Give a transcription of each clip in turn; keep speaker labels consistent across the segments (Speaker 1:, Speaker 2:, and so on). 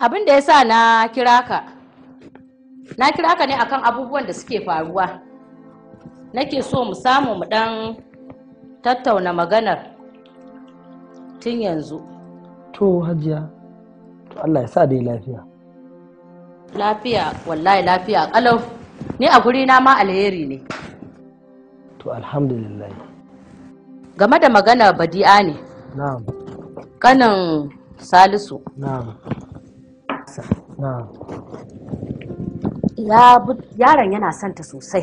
Speaker 1: abin da ya sa na kira ka na kira ka ne akan abubuwan da suke faruwa nake so mu samu mu dan tattauna maganar tun yanzu
Speaker 2: to hajiya to Allah ya sa dai lafiya
Speaker 1: lafiya wallahi lafiya kalau ni a guri na ma alheri ne
Speaker 2: to alhamdulillah
Speaker 1: game da magana badi'a ne na'am kanin salisu
Speaker 2: na'am
Speaker 3: sa
Speaker 1: yaron yana son sosai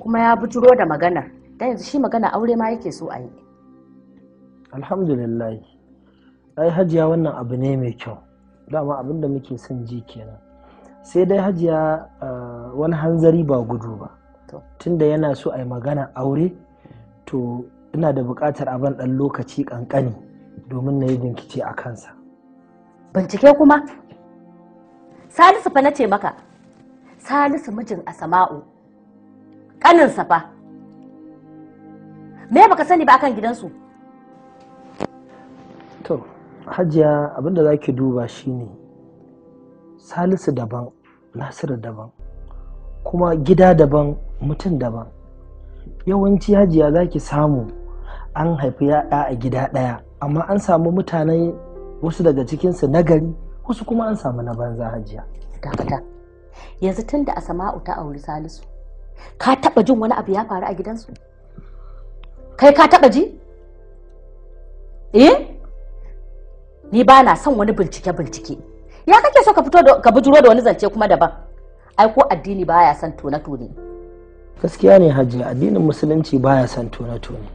Speaker 1: kuma ya bujuro da maganar dan yanzu shi magana aure ma yake so a
Speaker 2: yi alhamdulillah ai hajiya wannan abu ne mai kyau dama abin da muke son ji kenan sai dai hajiya wani hanzari ba gudu ba tunda yana so a yi magana aure to ina da buƙatar abin ɗan lokaci ƙanƙani domin na yi bincike a kansa bincike kuma
Speaker 1: salisu fa nace maka salisu mijin kanin kaninsa fa me baka sani ba akan gidansu
Speaker 2: to hajiya abinda zaki duba shine salisu daban nasiru daban kuma gida daban mutum daban yawanci hajiya zaki samu an haifi ya'ya a gida ɗaya amma an samu mutane wasu daga cikinsu nagari wasu kuma an samu na banza hajiya dakata
Speaker 1: yanzu tun da asama'u ta auri salisu ka taba jin wani abu ya faru a gidansu kai ka taba ji eh ni ba na son wani bincike bincike ya kake so ka fito ka bujuro da wani zance kuma daban ai ko addini baya son
Speaker 2: tone tone gaskiya ne hajji addinin musulunci baya son tone tone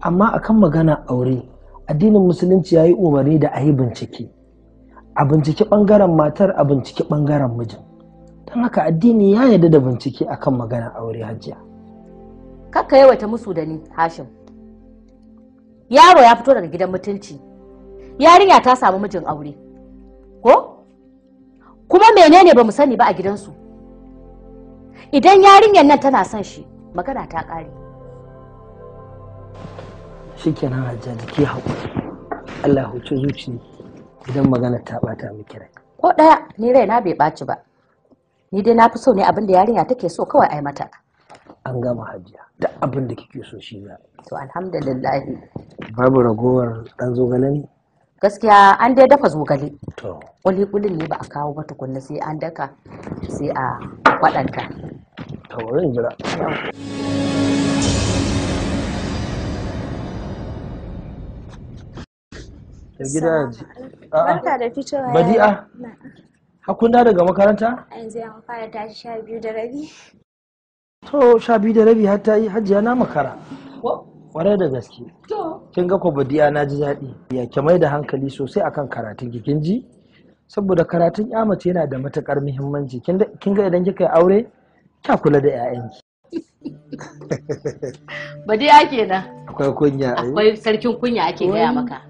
Speaker 2: amma akan magana aure addinin musulunci yayi umarni da a yi bincike a binciki ɓangaren matar a binciki ɓangaren mijin don haka addini ya yarda da bincike akan maganar aure hajiya
Speaker 1: kakka yawaita musu da ni hashim yaro ya fito daga gidan mutunci yarinya ta samu mijin aure ko kuma menene ba mu sani ba a gidansu idan yarinyar nan tana son shi magana ta ƙare
Speaker 2: shikenan hajjaji ke haƙuri allah ya huce zuciya idan magana ta bata miki rai
Speaker 1: ko daya ni rai na bai baci ba ni dai na fi so ne abin da yarinya take so kawai ai mata
Speaker 2: an gama hajiya da abin da kike so shi ne.
Speaker 1: to alhamdulillah
Speaker 2: babu ragowar dan zogale ne
Speaker 1: gaskiya an dai dafa zogale to kuli kulin ne ba a kawo ba tukunna sai an daka sai a kwadanta
Speaker 2: to jira da gida
Speaker 4: barka da fitowa badi'a
Speaker 2: hakun da daga makaranta
Speaker 4: yanzu ya fara sha biyu da rabi
Speaker 2: to sha biyu da rabi har ta yi hajiya na makara kwarai da gaske kin ga kwabadiya na ji daɗi ya ke mai da hankali sosai akan karatun kin ji saboda karatun ya mace yana da matukar muhimmanci kin ga idan kika yi aure kya kula da 'ya'yanki ake na Akwai kunya. Eh? Akwai
Speaker 1: sarkin kunya ake gaya maka.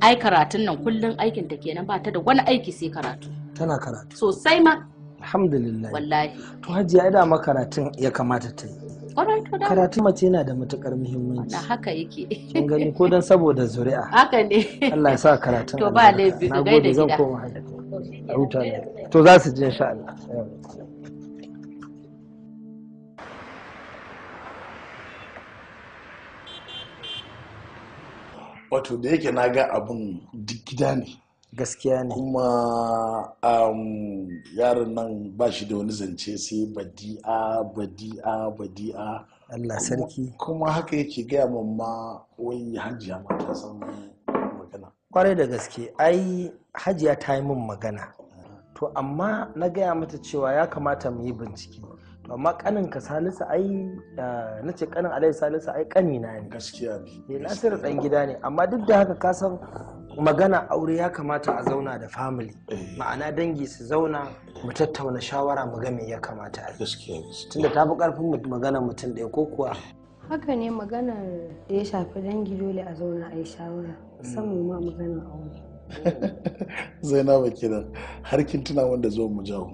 Speaker 1: Ai karatun nan kullum aikin ta kenan ba ta da wani aiki sai karatu.
Speaker 2: Tana karatu.
Speaker 1: Sosai ma.
Speaker 2: Alhamdulillah. Wallahi. To hajiya ina ma karatun ya kamata ta yi. Karatun mace yana da matukar muhimmanci. Da
Speaker 1: haka yake. Kin gani
Speaker 2: ko dan saboda zuri'a.
Speaker 1: Haka ne.
Speaker 2: Allah ya sa karatun. To ba
Speaker 1: laifi ga da gida. zan koma
Speaker 4: To za su ji insha Allah.
Speaker 3: wato da yake na ga
Speaker 5: abin gida ne gaskiya ne kuma um, yaron nan ba shi da wani zance sai badi'a
Speaker 2: badi'a badi'a Allah sarki kuma haka yake gaya mamma wai hajiya ma san magana kwarai da gaske ai hajiya ta yi min magana to amma na gaya mata cewa ya kamata mu yi bincike amma kanin ka salisu ai na ce kanin alai salisu ai na ne gaskiya ne eh, nasiru dan gida ne amma duk da haka ka san magana aure ya kamata a zauna da family eh. ma'ana dangi su zauna mu tattauna shawara mu ga me ya kamata a gaskiya tunda ta fi karfin magana mutum ɗaya ko kuwa
Speaker 6: haka ne maganar da ya shafi dangi dole a zauna a yi shawara musamman hmm. ma maganar aure
Speaker 2: zainabu
Speaker 3: kenan har kin tuna wanda zo mu jawo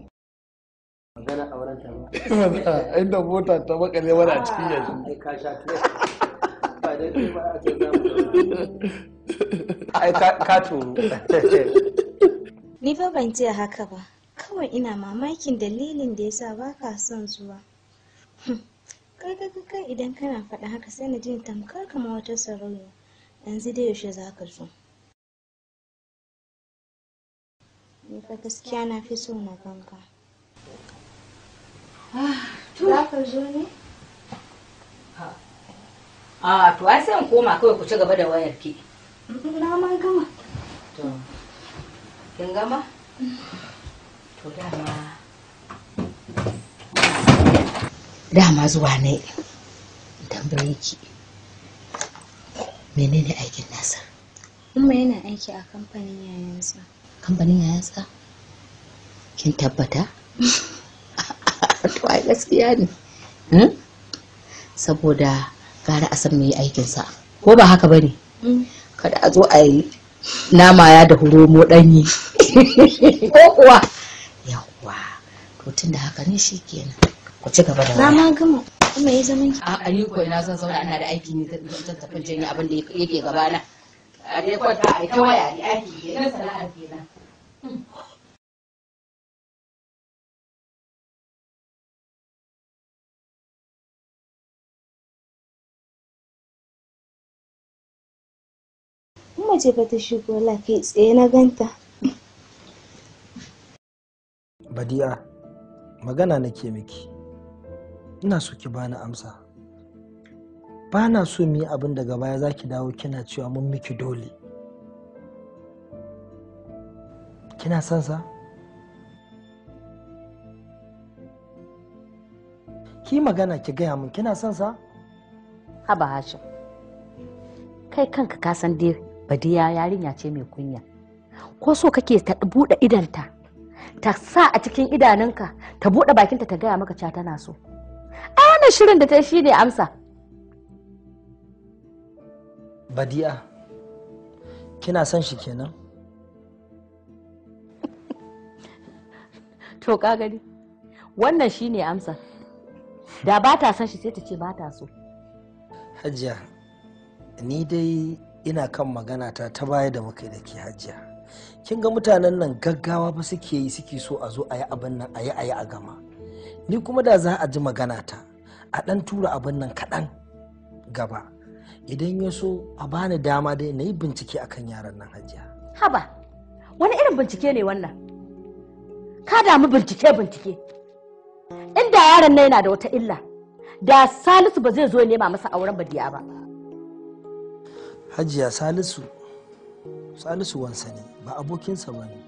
Speaker 2: magana inda mota ta makale wani a ah, cikin yanzu ai ka turu
Speaker 4: ni fa ban ce haka ba kawai ina mamakin dalilin da yasa ba ka son zuwa kai kai kai idan kana faɗa haka sai na jin tamkar kama wata sarauniya yanzu da yaushe za ka zo ni fa gaskiya na fi so na ganka Ah, Za ka zo ne?
Speaker 1: A ah, to ai sai in koma kawai ku ci gaba da wayar ki.
Speaker 4: Na ma gama.
Speaker 1: To. Kin gama? To dama. Dama zuwa ne tambaye ki. Menene aikin nasa?
Speaker 4: Umma yana aiki a kamfanin yayansa.
Speaker 1: Kamfanin yayansa? Kin tabbata?
Speaker 4: to ai gaskiya
Speaker 1: ne hmm? saboda gara a san mai aikinsa ko ba haka bane hmm. kada a zo a yi nama ya da huromo danyi ko kuwa yawwa to tun da haka ne shi kenan ku ci gaba da rama gama kuma ya zama ki a ni ko ina zan zauna ina da aiki ne zan tafi janye abin da
Speaker 6: yake gabana a dai kwanta a ita waya ne aiki ne na sana'a kenan hmm.
Speaker 4: umma mace fa ta shigo la kai tsaye na ganta
Speaker 2: badi'a magana nake miki ina so ki bani amsa ba na so mu yi abin daga baya za ki dawo kina cewa mun miki dole kina son sa ki magana ki gaya min kina son sa haba hashim
Speaker 1: kai kanka ka san dai badiya yarinya ce mai kunya ko so kake ta buɗe idanta ta sa a cikin idanunka ta buɗe bakinta ta gaya maka cewa tana so a wannan shirin da ta shi ne amsa
Speaker 2: badiya kina son shi kenan
Speaker 1: to ka gani wannan shi ne amsa da ba ta son shi sai ta ce ba ta so
Speaker 2: hajiya ni dai ina kan magana ta ta baya da muka da ke hajiya kin ga mutanen nan gaggawa ba suke yi suke so a zo a yi abin nan a yi a yi a gama ni kuma da za a ji magana ta a ɗan tura abin nan kaɗan gaba idan ya so a bani dama dai na yi bincike a kan yaran nan hajiya
Speaker 1: haba wani irin bincike ne wannan ka damu bincike bincike inda yaron nan yana da wata illa da salisu ba zai zo nema masa auren badiya ba
Speaker 2: hajiya salisu salisu wansa ne ba abokinsa ba ne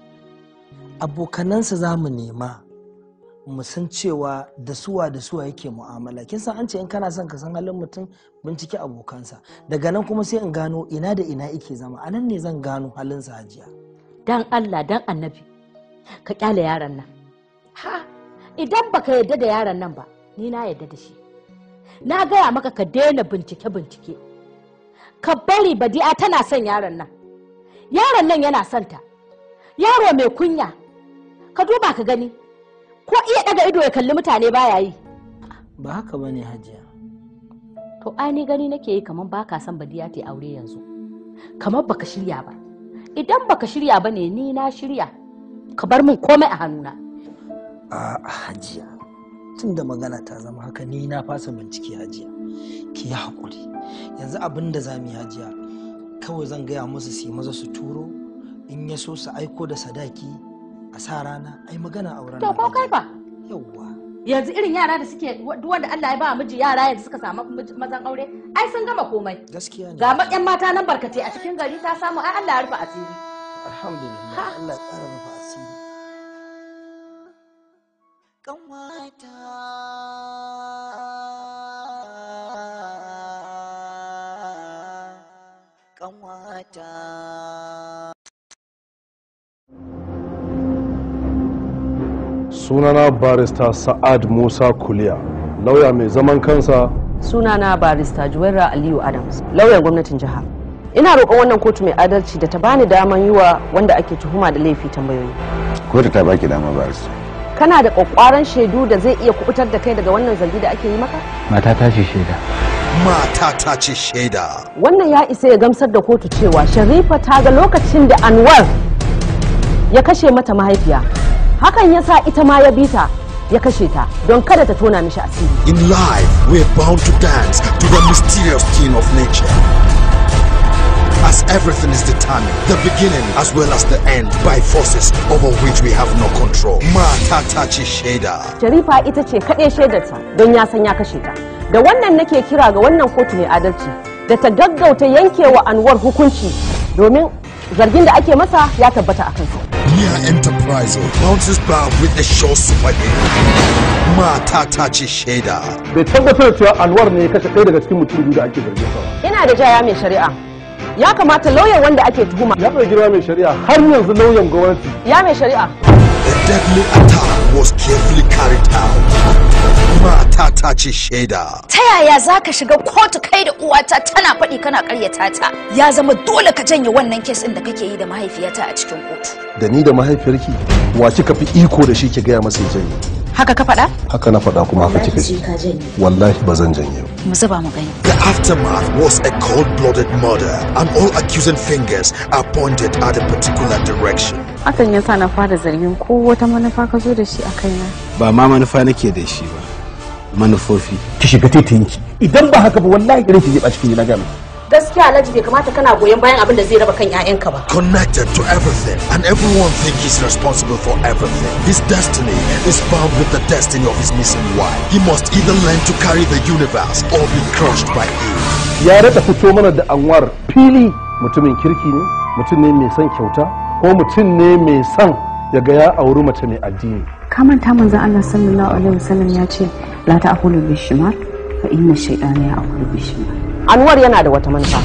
Speaker 2: abokanansa za mu nema mu san cewa da suwa da suwa yake mu'amala kin san an ce in kana son ka san halin mutum bincike abokansa daga nan kuma sai in gano ina da ina yake zama a nan ne zan gano halinsa hajiya
Speaker 1: dan Allah dan annabi ka kyale yaron nan ha idan baka yarda da yaron nan ba ni na yarda da shi na gaya maka ka daina bincike bincike ka bari badi'a tana son yaron nan yaron nan yana son ta yaro mai kunya ka duba ka gani ko iya daga ido ya kalli mutane baya yi
Speaker 2: ba haka bane hajiya
Speaker 1: to ai ni gani nake yi kamar baka son badiya ta aure yanzu kamar baka shirya ba idan baka shirya ba ne ni na shirya
Speaker 2: ka bar min komai a hannuna a hajiya tunda magana ta zama haka ni na fasa bincike hajiya ki yi haƙuri yanzu abin da za mu yi hajiya kawai zan gaya musu su yi maza su turo in ya so su aiko da sadaki a sa rana ai magana auren to
Speaker 1: ko kai ba yawwa yanzu irin yara da suke wanda Allah ya ba miji yara yanzu suka samu mazan aure ai sun gama komai gaskiya ne ga yan mata nan barkace a cikin gari ta samu ai Allah ya rufe asiri
Speaker 2: alhamdulillah Allah ya rufe asiri
Speaker 4: kan ƙanwata
Speaker 3: sunana barista sa'ad musa kuliya lauya mai zaman kansa
Speaker 7: sunana barista juwaira aliyu adams
Speaker 3: lauyan gwamnatin jiha
Speaker 7: ina roƙon wannan kotu mai adalci da ta bani daman yi wa wanda ake tuhuma da laifi tambayoyi
Speaker 5: kotu ta baki dama barista
Speaker 7: kana da ƙwaƙwaran shaidu da zai iya kubutar da kai daga wannan zargi da ake yi maka
Speaker 5: mata ta shaida mata ta ce shaida
Speaker 7: wannan ya isa ya gamsar da kotu cewa sharifa ta ga lokacin da anwar ya kashe mata mahaifiya hakan ya sa ita ma ya bita ya kashe ta don kada ta tona mishi asiri
Speaker 5: in life we are bound to dance to the mysterious king of nature as everything is determined, the beginning as well as the end by forces over which we have no control. Mata ta ce shaida.
Speaker 7: Sharifa ita ce kaɗai shaidarta don ya san ya kashe ta. da wannan nake kira ga wannan kotu mai adalci da ta gaggauta yankewa anwar hukunci domin zargin da ake masa ya tabbata a kansa.
Speaker 5: Mia Enterprise bounces back with a show swiping. Mata ta ce shaida. Bai tabbatar cewa Anwar ne ya kashe ɗaya daga cikin mutum biyu da ake zargin sa.
Speaker 7: Ina da jaya mai shari'a. Ya kamata lauyan wanda ake tuhuma. Ya ɗauki girma mai shari'a
Speaker 3: har yanzu lauyan gwamnati.
Speaker 7: Ya mai shari'a.
Speaker 5: The deadly attack was carefully carried out. Mata ta ce shaida.
Speaker 1: Ta yaya za ka shiga kotu kai da uwata tana faɗi kana karyata ta? Ya zama dole ka janye wannan kes ɗin da kake yi da mahaifiyata a cikin kotu.
Speaker 5: Da ni da mahaifiyarki
Speaker 3: wa kika fi iko da shi ki gaya masa ya janye. haka ka faɗa? haka na faɗa kuma haka kika
Speaker 7: ce
Speaker 5: wallahi ba zan janye
Speaker 7: mu zuba mu gani
Speaker 5: the aftermath was a cold blooded murder and all accusing fingers are pointed at a particular direction
Speaker 4: hakan ya sa na fara zargin ko wata manufa ka zo da shi a kaina
Speaker 5: ba ma manufa nake da shi ba manufofi ki shiga titinki idan ba haka ba wallahi irin ki zai cikin kin na gama
Speaker 4: gaskiya alhaji bai
Speaker 1: kamata kana goyon bayan abin da zai raba kan 'ya'yanka ba
Speaker 5: connected to everything and everyone think he's responsible for everything his destiny is bound with the destiny of his missing wife he must either learn to carry the universe or be crushed by it
Speaker 3: ya rata fito mana da anwar fili mutumin kirki ne mutum ne mai son kyauta ko mutum ne mai son ya ga ya auri mace mai addini
Speaker 4: ta manzan Allah sallallahu alaihi wasallam ya ce la ta'kulu bishimar fa inna shaytana ya'kulu bishimar
Speaker 3: Anwar yana da wata manufa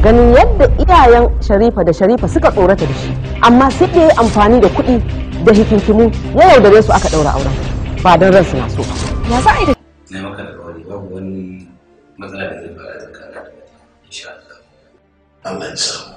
Speaker 7: ganin yadda iyayen Sharifa da Sharifa suka tsorata da shi amma sai da amfani da kuɗi da hikinkimu ya yaudare su aka ɗaura auren ba don ransu na so ya za a yi da
Speaker 2: na maka da kawai babu wani matsala da zai fara tsakanin insha Allah
Speaker 6: Allah ya samu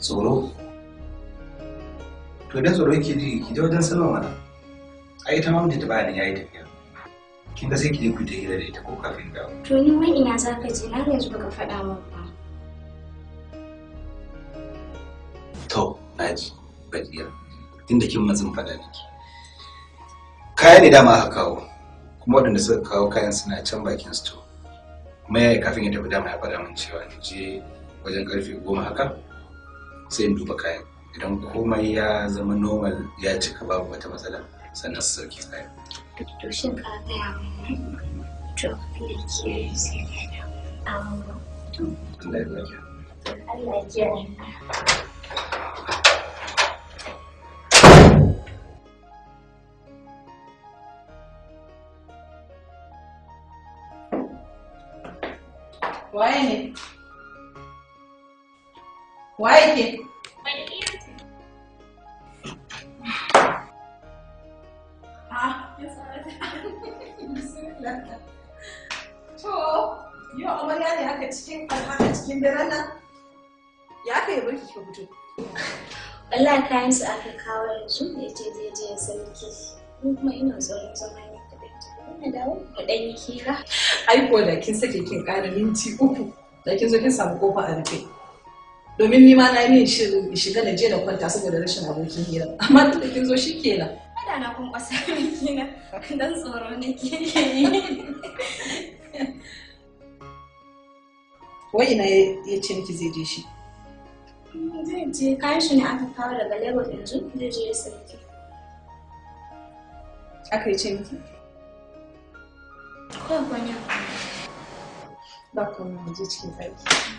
Speaker 2: tsoro to idan tsoro yake ji ki je wajen salma mana a ita ma mijinta baya ya yayi tafiya kin ga sai ki je ku ta hira da ita ko
Speaker 4: kafin da to ni wani ina ka je na yanzu baka faɗa min ba
Speaker 2: to naji gajiya tunda kin matsin faɗa miki kaya ne dama aka kawo kuma waɗanda suka kawo kayan suna can bakin sto kuma ya yi kafin ya tafi dama ya faɗa min cewa in je wajen karfe goma haka sai in duba kayan idan komai ya zama normal ya cika
Speaker 5: babu wata matsala sannan su sauke kayan.
Speaker 4: Duk ka gaya mun
Speaker 5: to da ke sai ya dawo. Allah ya Allah ya
Speaker 6: waye ne waye ke ah, To, ka yi
Speaker 4: Wallahi kayan su aka
Speaker 6: kawo yanzu da ya ce zai
Speaker 4: je ya sarki. Kuma ina tsoron zama na dawo mu dan yi kira
Speaker 6: ai ko da kin sake kin ƙara minti uku da kin zo kin samu kofa a rufe domin ni ma na yi shirin shiga da je na kwanta saboda rashin abokin hira amma da kin zo shi kenan
Speaker 4: ana na kun kwasa kina dan tsoro nake yi
Speaker 6: wai ina ya ce miki zai je shi
Speaker 4: hmm, zai je kayan shi ne aka kawo daga lagos yanzu zai je ya sauke
Speaker 6: aka yi ce miki 快过年了，老公，们就近在一起。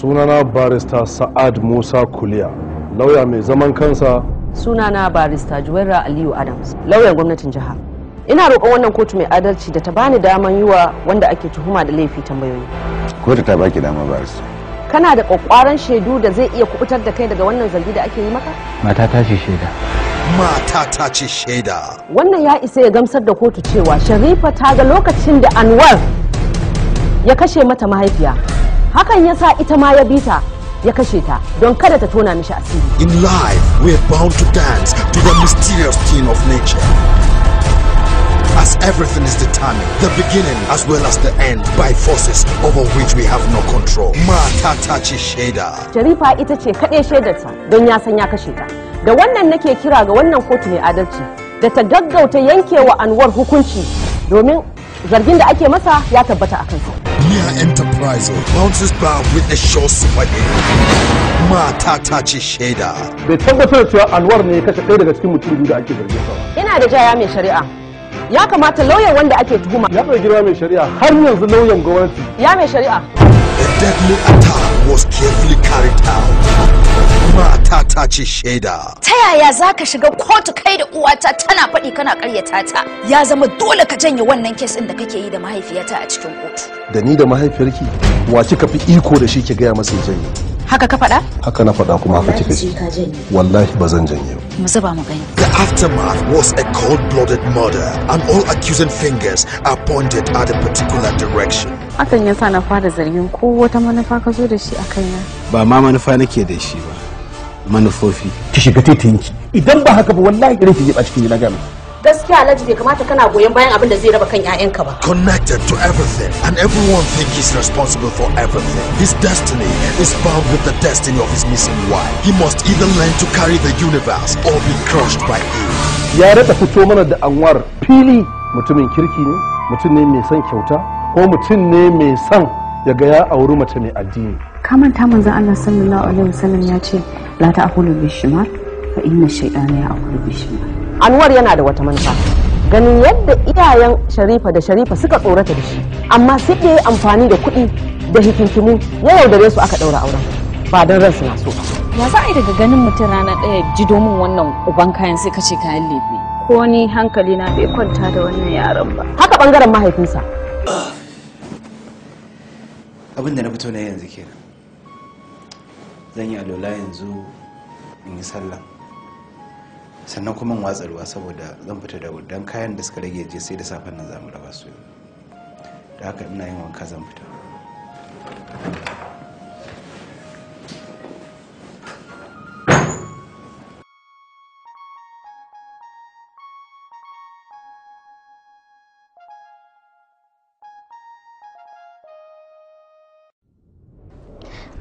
Speaker 3: sunana barista sa'ad musa kuliya lauya mai zaman kansa
Speaker 7: sunana barista juwaira aliyu adams lauyan gwamnatin jiha ina roƙon wannan kotu mai adalci da ta bani daman yi wa wanda ake tuhuma da laifi tambayoyi
Speaker 5: kotu ta baki dama barista
Speaker 7: kana da ƙwaƙwaran shaidu da zai iya kubutar da kai daga wannan zargi da ake yi maka
Speaker 5: mata ta ce shaida mata ta ce shaida
Speaker 7: wannan ya isa ya gamsar da kotu cewa sharifa ta ga lokacin da anwar ya kashe mata mahaifiya hakan ya sa ita ma ya bi ta ya kashe ta don kada ta tona mishi asiri
Speaker 5: in life we are bound to dance to the mysterious theme of nature as everything is determined, the beginning as well as the end by forces over which we have no control. Mata ta ce shaida.
Speaker 7: Sharifa ita ce kaɗai shaidarta don ya san ya kashe ta. Da wannan nake kira ga wannan kotu mai adalci da ta gaggauta yankewa Anwar hukunci domin zargin da ake masa ya tabbata a kansa.
Speaker 5: Mia Enterprise bounces back with a sure swagger. Mata ta ce shaida. Bai tabbatar cewa Alwar ne ya kashe ɗaya daga cikin mutum biyu da ake zargin sa.
Speaker 7: Ina da jaya mai shari'a. ya kamata lauyan wanda ake tuhuma ya ɗauki girma mai shari'a
Speaker 3: har yanzu lauyan gwamnati
Speaker 7: ya mai shari'a A
Speaker 5: deadly attack was carefully carried out. Mata ta ce shaida.
Speaker 1: Ta yaya za ka shiga kotu kai da uwata tana faɗi kana karyata ta? Ya zama dole ka janye wannan kes ɗin da kake yi da mahaifiyata a cikin kotu.
Speaker 3: Da ni da mahaifiyarki wa kika fi iko da shi ki gaya masa ya janye.
Speaker 1: haka
Speaker 7: ka faɗa?
Speaker 3: haka na faɗa kuma haka
Speaker 7: kika ce
Speaker 5: wallahi ba zan janye mu zuba mu gani the aftermath was a cold blooded murder and all accusing fingers are pointed at a particular direction
Speaker 4: hakan ya sa na fara zargin ko wata manufa ka zo da shi a kaina
Speaker 5: ba ma manufa nake da shi ba manufofi ki shiga titinki idan ba haka ba wallahi irin ki je ba cikin gida gami
Speaker 1: gaskiya alhaji bai kamata kana goyon bayan abin da zai raba kan 'ya'yanka ba
Speaker 5: connected to everything and everyone think he's responsible for everything his destiny is bound with the destiny of his missing wife he must either learn to carry the universe or be crushed by it
Speaker 3: ya rata fito mana da anwar fili mutumin kirki ne mutum ne mai son kyauta ko mutum ne mai son ya ga ya auri mace mai addini
Speaker 4: kamanta manzon Allah sallallahu alaihi wasallam ya ce la ta'kulu bishimar fa inna shaytana ya'kulu bishimar
Speaker 7: Anwar yana da wata manufa ganin yadda iyayen Sharifa da Sharifa suka tsorata da shi amma sai da amfani da kuɗi da hikinkimu ya yaudare su aka ɗaura auren ba don ransu na so
Speaker 1: ya za a yi daga ganin mutum rana ɗaya ji domin wannan uban kayan sai ka ce kayan
Speaker 2: lefe
Speaker 7: ko ni hankali na bai kwanta da wannan yaron ba haka ɓangaren mahaifinsa
Speaker 2: abin da na fito na yanzu nan zan yi alola yanzu in yi sallah sannan kuma in watsa ruwa saboda zan fita da wudan kayan da suka rage je sai da safen nan za mu raba su da haka ina yin wanka zan fita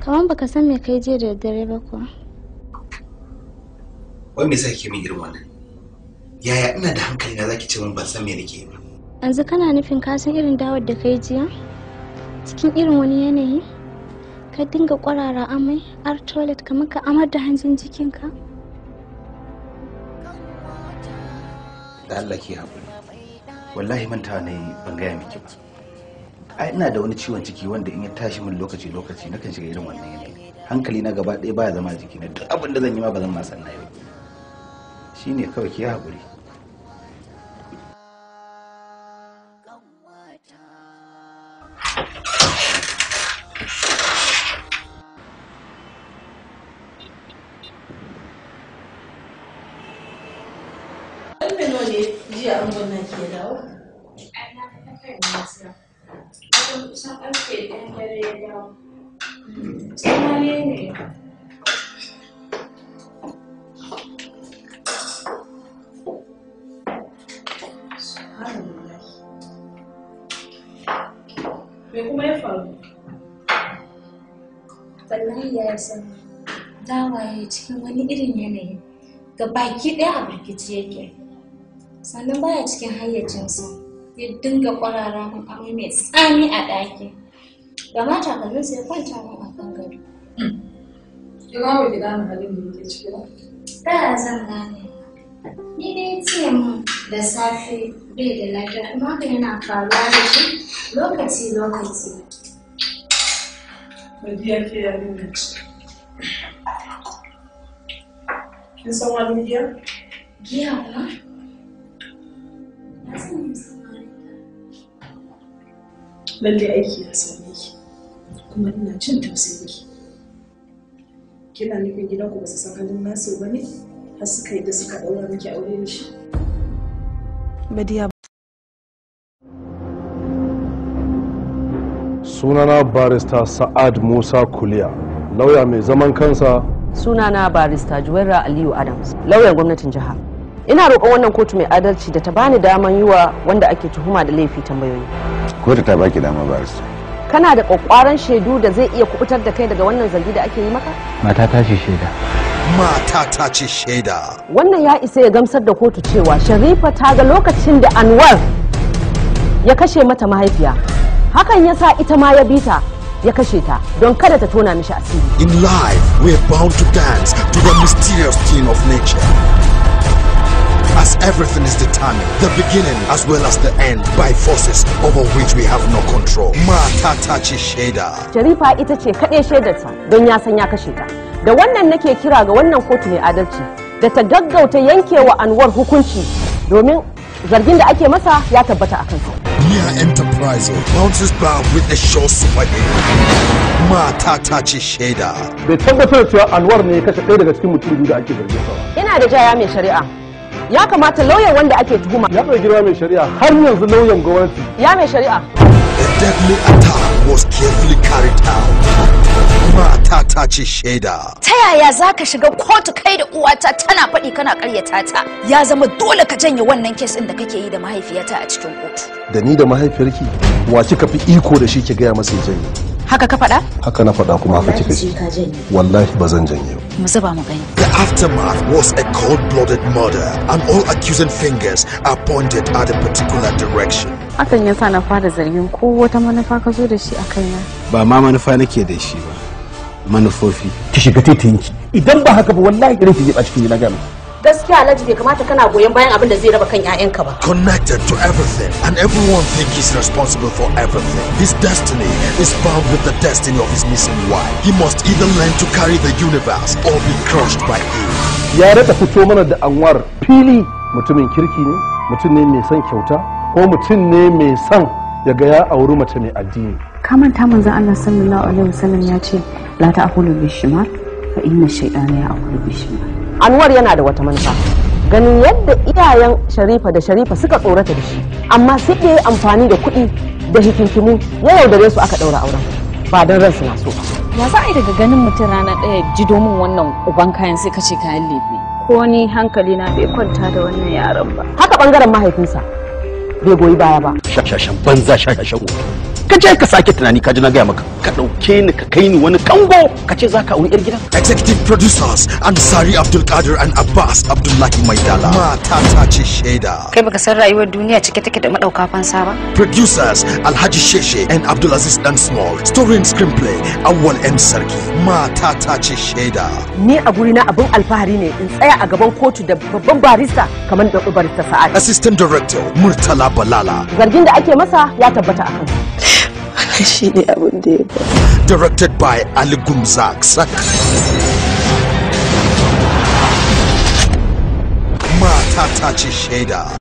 Speaker 4: Kawan baka san me kai jiya da daddare ba kuwa.
Speaker 5: Wai me yasa kike min irin wannan? Yaya ina da hankali na zaki ce min ban san me nake ba.
Speaker 4: Yanzu kana nufin ka san irin dawar da kai jiya? Cikin irin wani yanayi? Ka dinga kwarara amai, ar toilet kamar ka amar da hanjin jikinka?
Speaker 5: Da Allah ke haƙuri. Wallahi mantawa ne ban gaya miki ba.
Speaker 2: ai ina da wani ciwon ciki wanda in ya tashi min lokaci lokaci nakan shiga irin wannan yanayi hankali na gaba ɗaya baya zama jiki na duk abin da zan yi ma ba zan ma san na yau shine kawai ki hakuri.
Speaker 4: ga baki ɗaya a birkici yake sannan baya cikin hayyacinsa ya dinga kwarara mun abu mai tsami a ɗaki da mata ganin sai kwanta mun a kan gado. Kira wa gida na halin da yake ciki ba? Ta yaya zan gane Ni dai ce min da safe bai da lafiya kuma ka yana faruwa da shi
Speaker 6: lokaci-lokaci. Godiya ke yarinya ce. Kin san wani giya? Giya kuma? Lallai aiki ya same ki, kuma ina jin tausayin ki. Kina nufin gidan ku ba su san halin nasu ba ne? Har suka yi da suka ɗaura miki aure da shi? Badiya
Speaker 3: sunana barista sa'ad musa kuliya lauya mai zaman kansa
Speaker 7: sunana barista juwera aliyu adams lauyar gwamnatin jiha ina roƙon wannan kotu mai adalci da ta bani daman yi wa wanda ake tuhuma da laifi tambayoyi
Speaker 5: kotu ta baki dama barista
Speaker 7: kana da ƙwaƙwaran shaidu da zai iya kubutar da kai daga wannan zargi da ake yi maka
Speaker 5: mata ta ce shaida mata ta ce shaida
Speaker 7: wannan ya isa ya gamsar da kotu cewa sharifa ta ga lokacin da anwar ya kashe mata mahaifiya hakan ya sa ita ma ya bita ya kashe ta don kada ta tona mishi asiri.
Speaker 5: In life we are bound to dance to the mysterious theme of nature. As everything is determined, the beginning as well as the end by forces over which we have no control. Mata ta ce shaida.
Speaker 7: Sharifa ita ce kaɗai shaidarta don ya san ya kashe ta. Da wannan nake kira ga wannan kotu mai adalci da ta gaggauta yankewa Anwar hukunci domin zargin da ake masa ya tabbata a kansa.
Speaker 5: Niya Enterprise bounces back with a show swagger. Mata ta ce shaida. Bai tabbatar cewa Anwar ne ya kashe ɗaya daga cikin mutum biyu da ake zargin
Speaker 3: sa.
Speaker 7: da jaya mai shari'a.
Speaker 3: ya kamata lauyan wanda ake tuhuma ya mai girma mai shari'a har yanzu lauyan gwamnati
Speaker 7: ya mai shari'a
Speaker 5: the deadly attack was carefully carried out mata ta ce shaida.
Speaker 1: Ta yaya za ka shiga kotu kai da uwata tana faɗi kana karyata ta? Ya zama dole ka janye wannan kes ɗin da kake yi da mahaifiyata a cikin kotu.
Speaker 3: Da ni da mahaifiyarki wa kika fi iko da shi ki gaya masa janye. Haka ka faɗa? Haka na faɗa kuma haka kika ji Wallahi
Speaker 5: ba zan janye.
Speaker 1: Mu zuba mu gani.
Speaker 5: aftermath was a cold-blooded murder and all accusing fingers are pointed at a particular direction.
Speaker 4: Hakan ya sa na fara zargin ko wata manufa ka zo da shi a kaina.
Speaker 5: Ba ma manufa nake da shi ba. Manufofi. Ki shiga titinki. Idan ba haka ba wallahi irin ki zai ɓaci kin gida gama.
Speaker 1: gaskiya alhaji bai kamata kana goyon bayan abin da zai raba kan 'ya'yanka ba
Speaker 5: connected to everything and everyone think he's responsible for everything his destiny is bound with the destiny of his missing wife he must either learn to carry the universe or be crushed by it
Speaker 3: ya rata fito mana da anwar fili mutumin kirki ne mutum ne mai son kyauta ko mutum ne mai son ya ga ya auri mace mai addini
Speaker 4: kamanta manzon Allah sallallahu alaihi wasallam ya ce la ta'kulu bishimar fa inna shaytana ya'kulu bishimar
Speaker 7: anwar yana da wata manufa
Speaker 4: ganin yadda
Speaker 7: iyayen sharifa da sharifa suka tsorata da shi amma sai da yi amfani da kuɗi da hikinkimu ya yaudare su aka ɗaura auren ba don ransu na so ya za a yi daga ganin mutum rana ɗaya ji domin wannan uban kayan sai ka ce kayan lefe ko ni hankali na bai kwanta da wannan yaron ba haka bangaren mahaifinsa bai goyi baya ba
Speaker 2: shashashan banza shashashan
Speaker 5: ka je ka sake tunani ka ji na gaya maka ka ɗauke ni ka kai ni wani kango ka ce za ka auri yar gidan executive producers ansari abdulkadir and abbas abdullahi maidala mata ta ce shaida
Speaker 1: kai baka san rayuwar duniya cike take da madauka fansa ba
Speaker 5: producers alhaji sheshe and abdulaziz dan small story and screenplay awwal m sarki mata ta ce shaida
Speaker 7: ni a guri na abin alfahari ne in tsaya a gaban kotu da babban barista kamar da barista sa'ad
Speaker 5: assistant director murtala balala
Speaker 7: zargin da ake masa ya tabbata a kansa
Speaker 5: shi ne abin da ya ba directed by ali gumzak sak mata ta ce shaida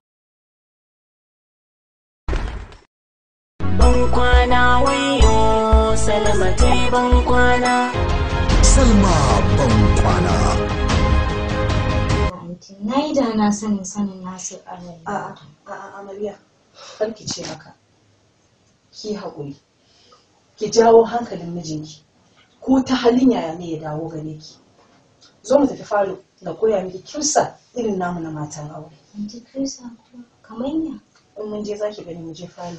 Speaker 6: Bankwana kwana wayo salma ta yi bankwana salma bankwana.
Speaker 5: na
Speaker 4: yi da na sanin sanin
Speaker 6: nasu a a'a a'a amarya karki ce maka ki haƙuri ki jawo hankalin mijinki ko ta halin yaya ne ya dawo gare ki zo mu tafi falo na koya miki kirsa irin namu na matan aure kamar ya in mun je gani mu je falo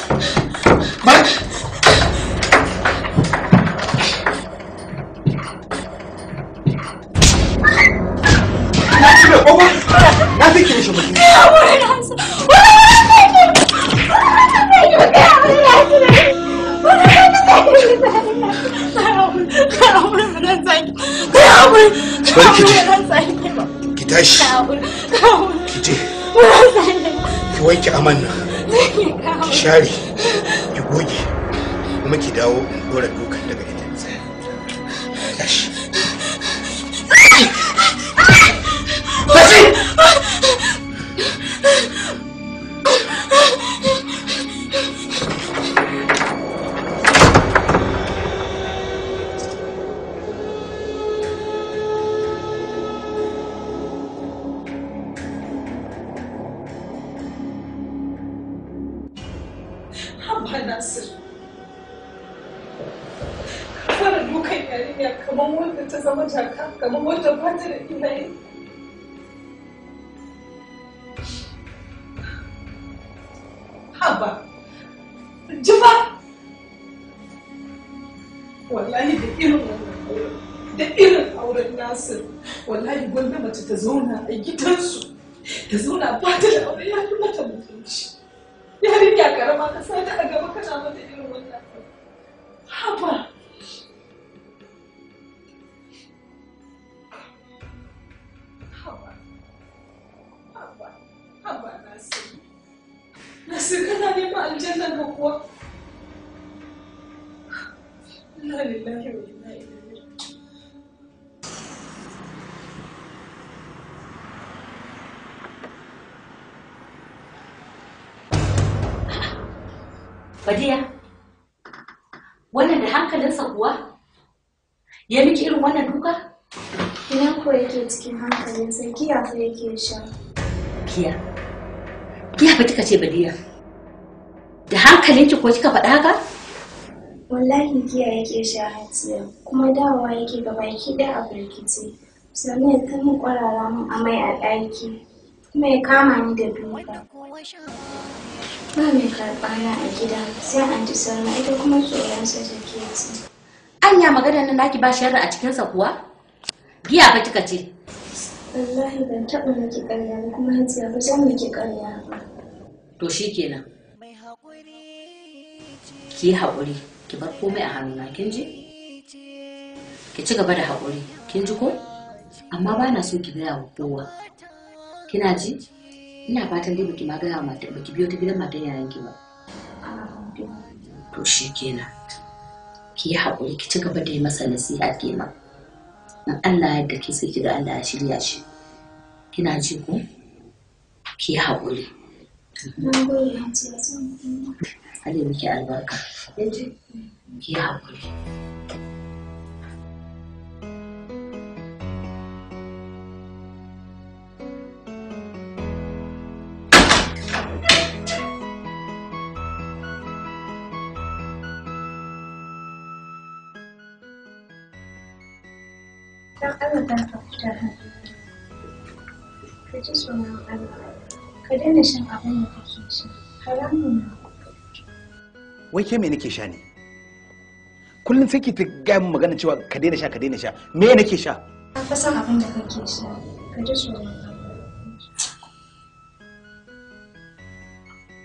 Speaker 6: Charlie. kashe aure ya fi mata mutunci yarinya ta a gaba kana mata irin wannan haba ka kuwa
Speaker 1: Fadiya, wannan da hankalinsa kuwa ya miki
Speaker 4: irin wannan duka ina ko yake cikin hankalinsa giya fa yake sha
Speaker 1: giya giya fa kika ce badiya da hankalinki ko
Speaker 4: kika faɗa haka wallahi giya yake sha hatsiya kuma dawowa yake ga baki ɗaya a birkice sannan ya ta ƙwararwa mun amai a ɗaki kuma ya kama ni da duka ba mai karɓa na a gida sai an salma ita kuma tsoronsa take ci.
Speaker 1: anya maganar nan naki ba sharri a cikin sa kuwa giya ba kika ce
Speaker 4: wallahi ban taɓa miki ƙarya ba kuma hajiya ba san miki ƙarya ba
Speaker 1: to shikenan ki haƙuri ki bar komai a hannuna kin ji ki ci gaba da haƙuri kin ji ko amma ba na so ki biya wa kowa kina ji ina fatan dai baki magana mata baki biyo ta gidan matan yayan yanki ba to shi kenan ki yi haƙuri ki ci gaba da yi masa nasiha ma. in Allah ya yarda ki sai ki ga Allah ya shirya shi kina ji ko ki yi haƙuri Allah ya miki
Speaker 4: albarka ki yi haƙuri
Speaker 2: wai ke me nake sha ne kullum sai ke ta gaya min magana cewa ka daina sha ka daina sha me nake sha
Speaker 6: Ka san abin da kake sha ka ji tsoron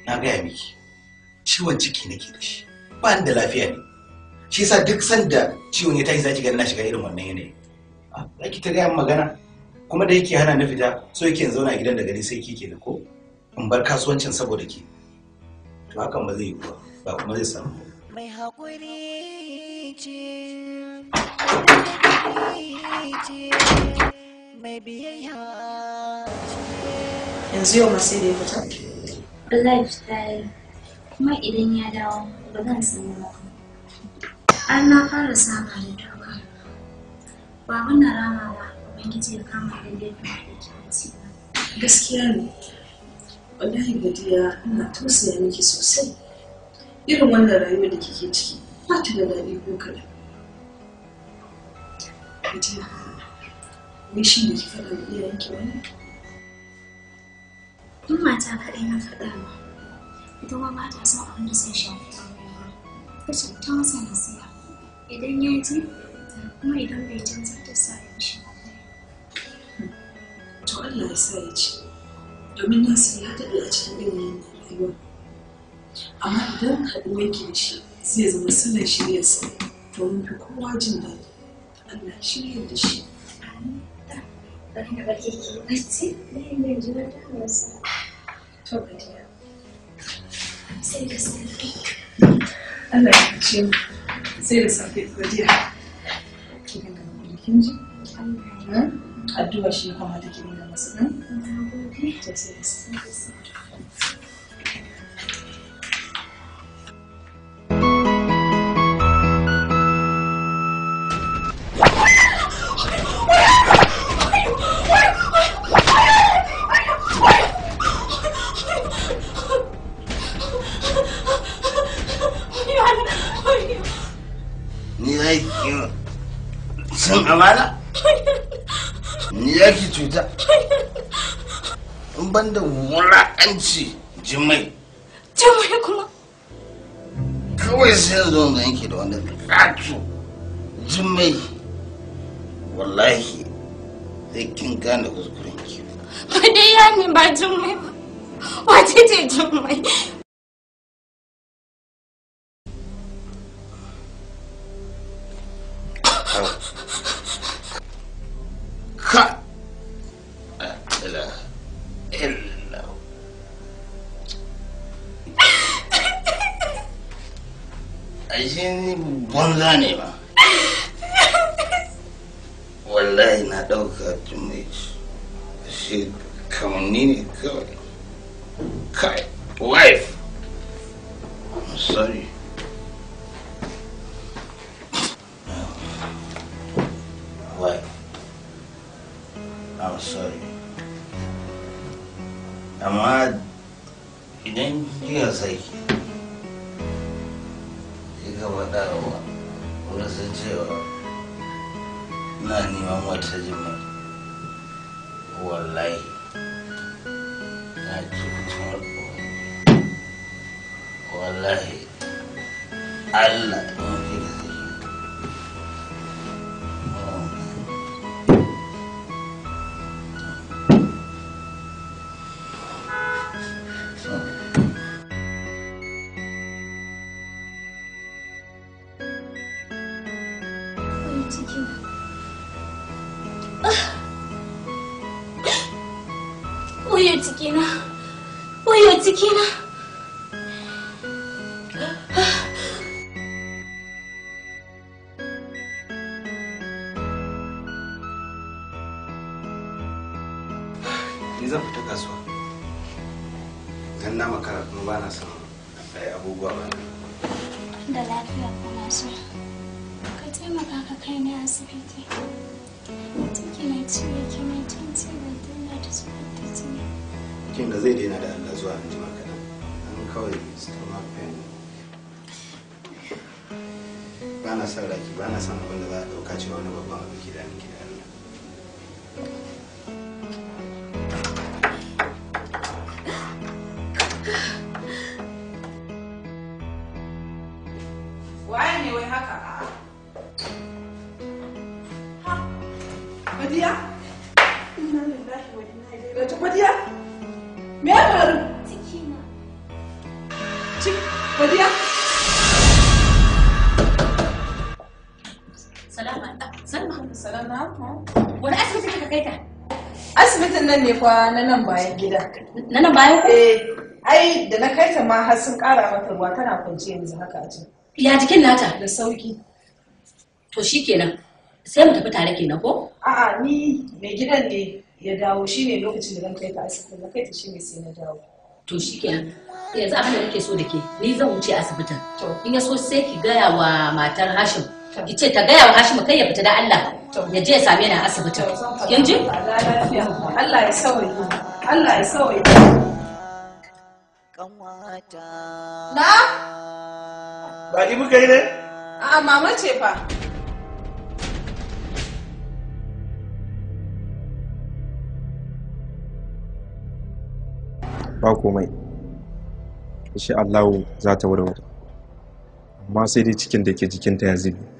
Speaker 2: na gaya miki ciwon ciki nake da shi ba da lafiya ne shi yasa duk sanda ciwon ya tashi zaki ga na shiga irin wannan yanayi za ki ta gaya magana kuma da yake hana na fita so yake zauna a gidan da gani sai kike da ko in bar kasuwancin saboda ke to hakan ba zai yi ba ba kuma zai samu mai hakuri
Speaker 6: ce mai biyayya yanzu yau masu da ya fita wallahi
Speaker 4: fita yi kuma idan ya dawo ba zan samu ba an na fara sama da dawo ba wannan ramawa ubangiji ya kama da laifin da ke mace
Speaker 6: gaskiya ne wallahi godiya ina tausaya miki sosai irin wannan rayuwar da kike ciki ba ta da daɗi ko kaɗan godiya wai shi da ki faɗa da iyayenki wani
Speaker 4: in mata kaɗai na faɗa ma ita ma ba ta son abin da zai shafi ta ce ta masa nasiha idan ya ji kuma idan bai
Speaker 6: canza da sa ya mishi to Allah ya sa ya ce, domin na ya daɗe a cikin irin wannan rayuwa amma idan haɗu yake da shi zai zama shi ya shiryarsa domin fi kowa jin daɗi Allah shirya da shi to gajiya sai da safe Allah ya ce mu sai da safe gajiya kin ji addu'a shi kuma take nuna nan eh? to sai
Speaker 5: you. cin amana ni yaki cuta in ban da wulaƙanci jimai jimai kuma
Speaker 2: kawai sai zo da yanke da wani ƙato jimai wallahi zai kin gane kuskuren ki
Speaker 6: ba dai ya ne ba jimai ba wace ce jimai
Speaker 2: banza ne ba wallahi na ɗauka jimai shi kamanni ne kawai kai wife i'm sorry wife i'm sorry amma idan jiya sai suka faɗa wa wani sun cewa na neman wata wallahi na wallahi allah
Speaker 6: wani asibiti kika kai ta asibitin nan ne fa na nan bayan gida na nan bayan ku eh ai da na kai ta ma har sun kara mata ruwa tana kwance yanzu haka a
Speaker 1: ya jikin nata
Speaker 6: da sauki to shikenan sai mu tafi tare kenan ko a'a ni mai gidan ne ya dawo shi ne lokacin da na kai ta asibitin na kai ta shi ne sai na dawo to shikenan yanzu abin da
Speaker 1: nake so da ke ni zan wuce asibitin in ya so sai ki gaya wa matar Hashim ce ta gaya wa Hashimu kai ya fita da Allah ya je ya same ni a asibiti
Speaker 6: kin ji Allah ya saurayi Allah ya saurayi Kamata. na
Speaker 2: ba ki muka yi ne
Speaker 6: a'a mama ce fa
Speaker 2: ba komai insha Allah za ta warware amma sai dai cikin da ke jikinta ya zube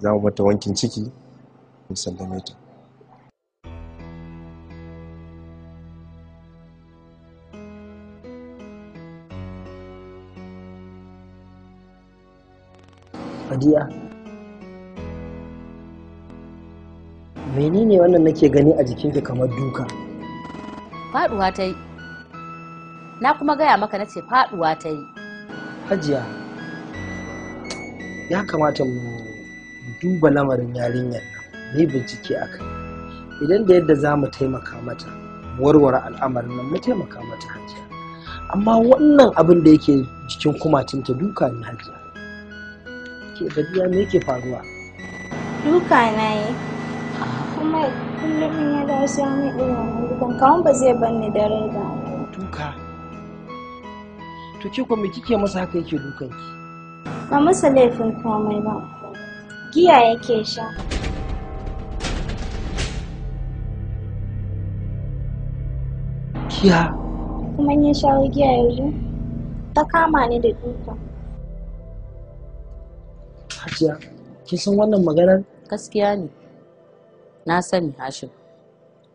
Speaker 2: za mu mata
Speaker 3: wankin ciki mu sallame ta
Speaker 2: Fadiya menene wannan nake gani a jikinka kamar duka
Speaker 1: faduwa ta yi na kuma gaya maka na ce faduwa ta yi
Speaker 2: hajiya ya kamata mu duba lamarin yarinyar nan mai bincike a kai idan da yadda za mu taimaka mata warware al'amarin nan mu taimaka mata hajiya amma wannan abin da yake jikin kumatinta duka ne hajiya ke gajiya me yake faruwa
Speaker 4: duka na yi kuma kullum ya da wasu yami irin wannan dukan ba zai bar ni da ba duka
Speaker 2: to ke kuma kike masa haka yake dukan ki
Speaker 4: ba masa laifin komai ba giya yake sha giya kuma ya shawo giya yanzu ta kama ni da
Speaker 2: duka hajiya kin san wannan maganar
Speaker 1: gaskiya ne na sani hashim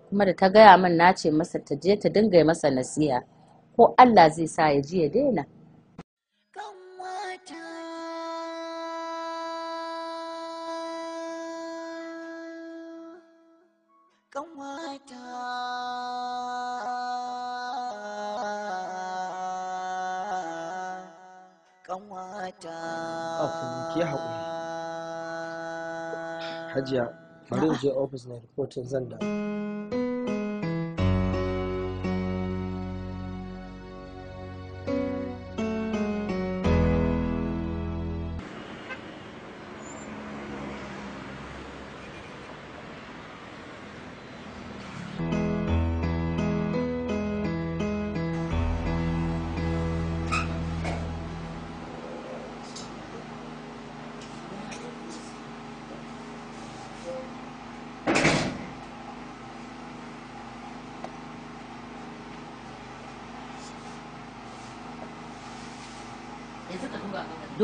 Speaker 1: kuma da ta gaya min nace masa ta je ta dinga masa nasiha ko allah zai sa ya ji ya daina
Speaker 2: hajiya bari in je ofis na rikotin zan da.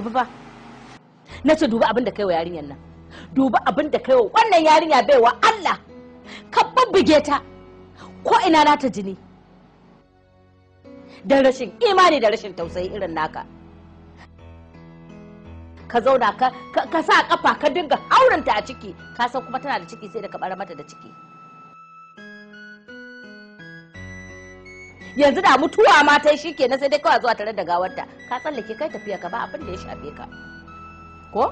Speaker 1: dubi ba na ce dubi abin da kai wa yarinyar nan dubi abin da kai wa wannan yarinya baiwa Allah ka bubbuge ta ko ina na ta jini da rashin imani da rashin tausayi irin naka ka zauna ka sa kafa ka dinga haurinta a ciki ka san kuma tana da ciki sai da ka bara mata da ciki yanzu da mutuwa ma ta shi kenan sai dai kawai zuwa tare da gawarta ka tsallake kai tafiya ka ba abin da ya shafe ka ko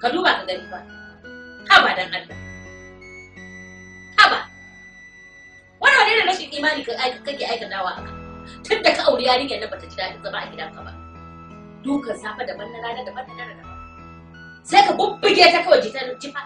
Speaker 1: ka duba ka gani ba ka ba dan Allah ba wannan wani rashin imani kake aikatawa haka tun da ka auri yarinyar nan bata ji daɗin zama a gidanka ba duka safa daban na rana daban na rana sai ka bubbuge ta kawai jita jifa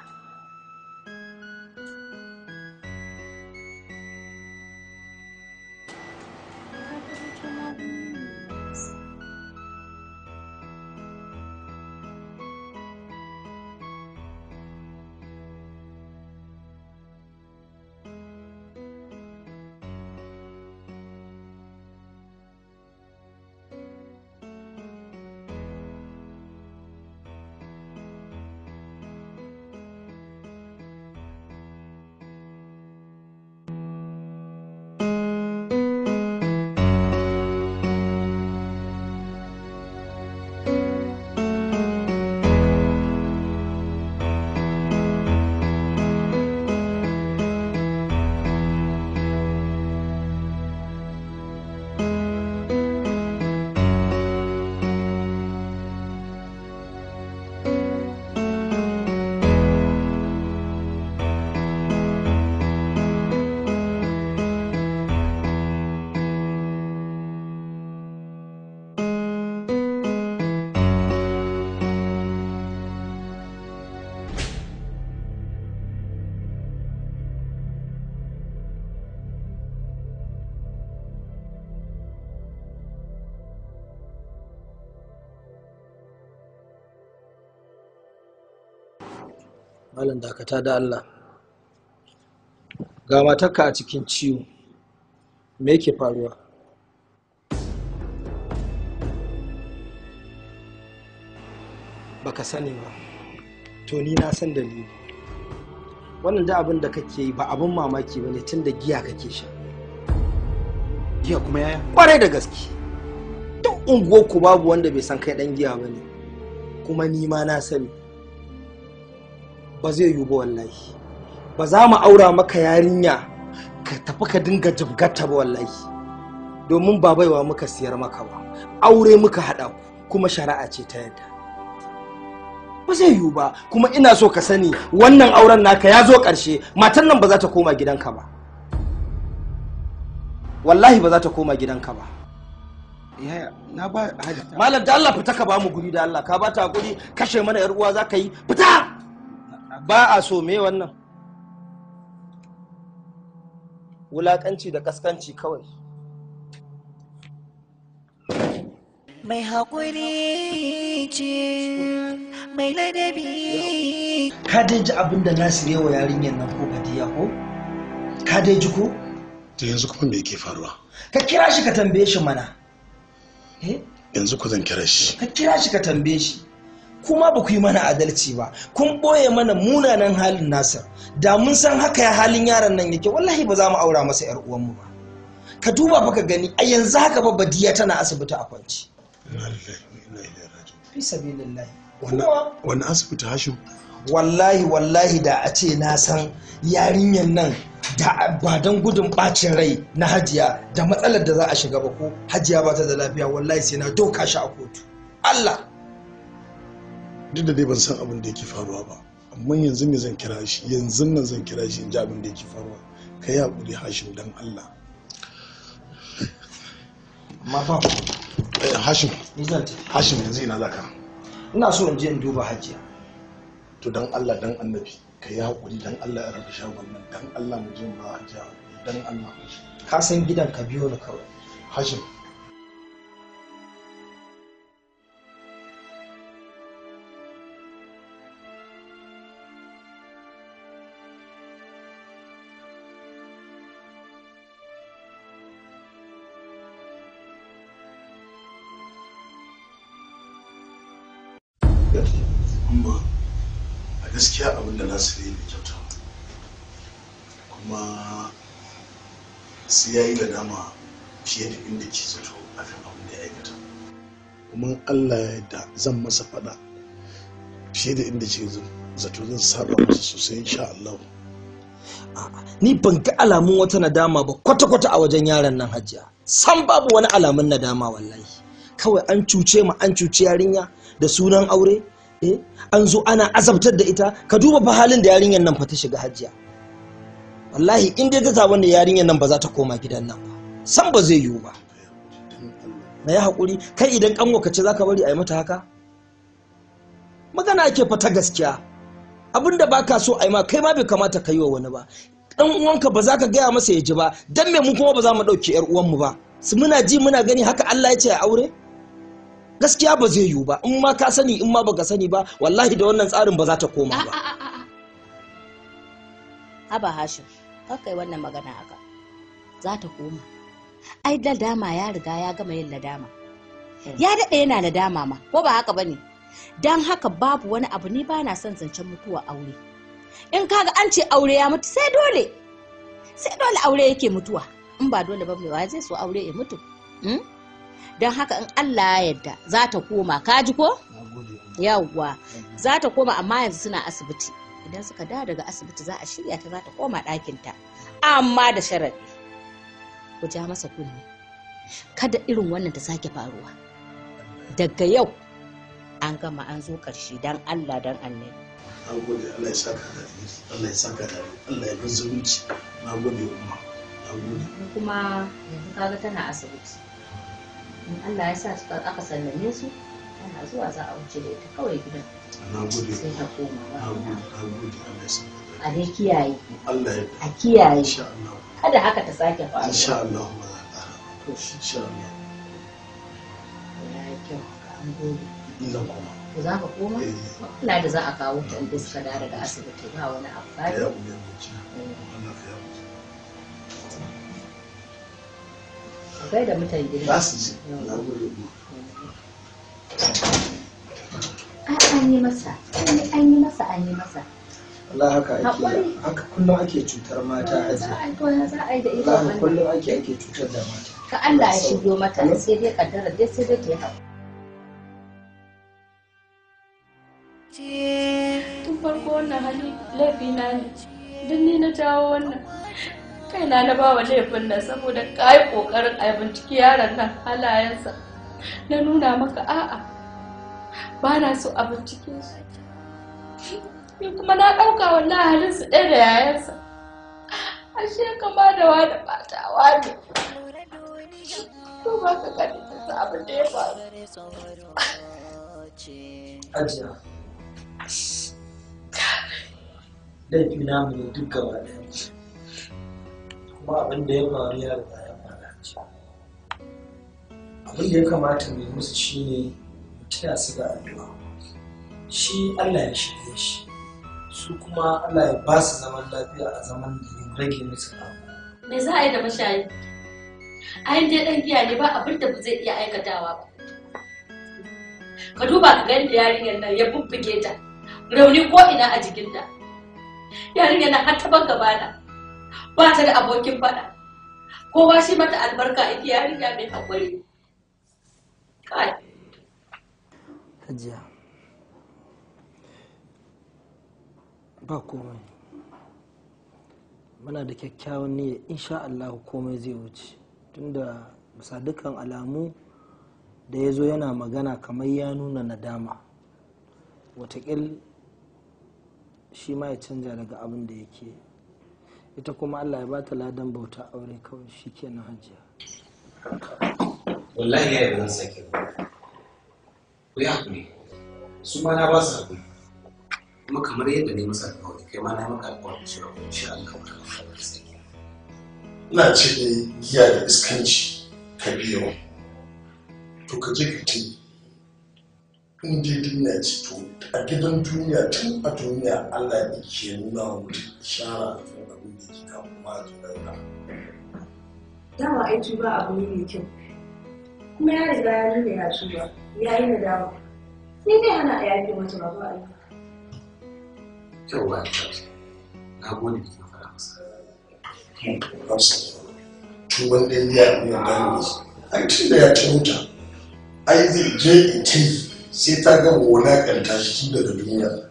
Speaker 2: malam dakata da Allah ga matarka a cikin ciwo me yake faruwa baka sani ba to ni na san dalili wannan da abin da kake yi ba abin mamaki ba ne tun da giya kake sha giya kuma yaya kwarai da gaske duk ku babu wanda bai san kai dan giya ba ne kuma ni ma na sani ba zai yiwu ba wallahi ba za mu aura maka yarinya ka tafi ka dinga jibgata ba wallahi domin ba baiwa muka siyar maka ba aure muka haɗa kuma shari'a ce ta yadda ba zai yiwu ba kuma ina so ka sani wannan auren naka ya zo ƙarshe matan nan ba za ta koma gidanka ba wallahi ba za ta koma gidanka ba malam da Allah fita ka ba mu guri da Allah ka ba ta guri kashe mana yar uwa za ka yi fita ba a so me wannan wulaƙanci da ƙasƙanci kawai
Speaker 6: mai haƙuri ce mai ladabi
Speaker 2: ka dai ji abin da nasu yawa yarinyar nan ko kadiya ko ka dai ji ko Ta yanzu kuma me ke faruwa ka kira shi ka tambaye shi mana eh? yanzu ku zan kira shi ka kira shi ka tambaye shi kuma ba ku yi mana adalci ba kun ɓoye mana munanan halin nasa da mun san haka ya halin yaron nan yake wallahi ba za mu aura masa yar uwanmu ba ka duba ba ka gani a yanzu haka ba badiya tana asibiti a kwanci wani asibiti hashim wallahi wallahi da a ce na san yarinyar nan da ba don gudun bacin rai na hajiya da matsalar da za a shiga ba ko hajiya ba ta da lafiya wallahi sai na doka shi a kotu allah duk da dai ban san abin da yake
Speaker 3: faruwa ba amma yanzu ne zan kira shi yanzu nan zan kira shi in ji abin da yake faruwa ka yi haƙuri
Speaker 2: hashim don allah mafa eh, hashim hashim yanzu ina zaka ina so in je in duba hajiya to don allah don annabi ka yi haƙuri don allah ya rufe shagon nan don allah mu je mu ba hajiya don allah ka san gidan ka biyo ni kawai hashim
Speaker 3: gaskiya abin da ne mai kyauta kuma sai ya yi dama fiye da inda ke zato a fi abin da ya aikata
Speaker 2: kuma allah ya da zan masa faɗa fiye da inda ke zato zan saba masa sosai insha allah ni ban ga alamun wata nadama ba kwata-kwata a wajen yaron nan hajiya san babu wani alamun nadama wallahi kawai an cuce ma an cuce yarinya da sunan aure Eh, an zo ana azabtar da ita ka duba fa halin da yarinyar nan fa ta shiga hajjiya wallahi in dai ta zaba ne yarinyar nan ba za ta koma gidan nan ba san ba zai yiwu ba na yi haƙuri kai idan ƙanwa ka ce za ka bari a mata haka magana ake fata gaskiya abin da ba ka so a yi ma kai ma bai kamata ka yi wa wani ba ɗan uwanka ba za ka gaya masa ya ji ba dan me mu kuma ba za mu ɗauki 'yar uwanmu ba muna ji muna gani haka Allah ya ce a aure gaskiya ba zai yiwu ba in ma ka sani in ma baka sani ba wallahi da wannan tsarin ba za ta koma ba
Speaker 1: haba hashim kai wannan magana haka za ta koma ai ladama ya riga ya gama yin ladama ya daɗe yana ladama ma ko ba haka bane don haka babu wani abu ne ba na son zancen mutuwa aure in kaga an ce aure ya mutu sai dole sai dole aure yake mutuwa in ba dole ba mai wa zai so aure ya mutu hmm? don haka in Allah ya yarda za ta koma ka ji ko yawwa za ta koma amma yanzu suna asibiti idan suka da daga asibiti za a shirya ta za ta koma ɗakinta amma da sharaɗi ku ja masa kunne kada irin wannan ta sake faruwa daga yau an gama an zo ƙarshe don Allah don annabi
Speaker 3: na gode Allah ya saka da Allah ya saka da Allah ya bar na gode kuma
Speaker 2: na gode
Speaker 1: kuma yanzu kaga tana asibiti in Allah ya sa suka aka sallame su tana zuwa za a wuce da ita kawai gidan
Speaker 2: sai ta koma
Speaker 3: ba a dai kiyaye a kiyaye
Speaker 1: kada haka ta sake faruwa insha
Speaker 5: Allah ma ya kyau ka an gode
Speaker 2: ku za ka koma eh.
Speaker 1: Allah da za a kawo ta inda suka da daga asibiti ba wani abu ba akwai da mutan gida za su
Speaker 3: ji na gode
Speaker 4: an yi masa an yi masa
Speaker 1: an yi masa
Speaker 2: Allah haka ake haka kullum ake cutar mata a ji
Speaker 1: Allah kullum
Speaker 2: ake ake cutar da mata
Speaker 1: ka Allah ya shigo mata sai dai kaddara dai sai dai ta haƙuri tun farko wannan hali laifi na ne duk ni na jawo wannan kaina na ba wa laifin nan saboda ka yi ƙoƙarin a binciki yaron nan halayensa na nuna maka a'a ba na so a bincike su ni kuma na ɗauka wallahi halin su ɗaya da yayansa ashe ba da wa da wa ne to ba ka gani ta abin da ya faru
Speaker 2: ajiya laifi namu ne duk gaba ɗaya kuma abin da ya faru ya riga ya faru abin da ya kamata mai musu shi ne taya su da addu'a shi Allah ya shirye shi su kuma Allah ya ba su zaman lafiya a zaman da ya rage musu abu
Speaker 1: me za a yi da mashayi a yin dai dan giya ne ba abin da zai iya aikatawa ba ka duba ka gani da yarinyar nan ya bubbuge ta rauni ko ina a jikinta yarinyar nan har ta ban gabana ba ta da abokin faɗa kowa shi mata albarka ita yarinya mai haƙuri
Speaker 2: Hajiya ba komai muna da kyakkyawan niyya insha Allah komai zai wuce tunda bisa dukkan alamu da ya zo yana magana kamar ya nuna nadama wataƙil shi ma ya canja daga abin da yake ita kuma Allah ya bata ladan bauta aure kawai shi ke na hajiya wallahi ya yi zan sake ku ya kuri, su ma na ba su hakuri kuma kamar yadda ne masa alƙawari kai ma na maka da cewa kuma insha Allah ka da sake
Speaker 3: ina ce giya da iskanci ka biyo to ka je ka tayi
Speaker 5: in ji duniya ci to a gidan duniya tun a duniya allah ne ke nuna wa mutum ishara a kan abin da ke kawo ma a gidan
Speaker 6: dama ai tuba abu ne mai kyau kuma ya riga ya nuna ya tuba ya yi na ni ne hana a yafe mata ba ba aiki
Speaker 2: kyau ba ta na gode da kika fara masa
Speaker 3: tuban da ya yi a yi tun da ya ci wuta ai zai je in ce sai ta ga gona wulaƙanta shi tun daga duniya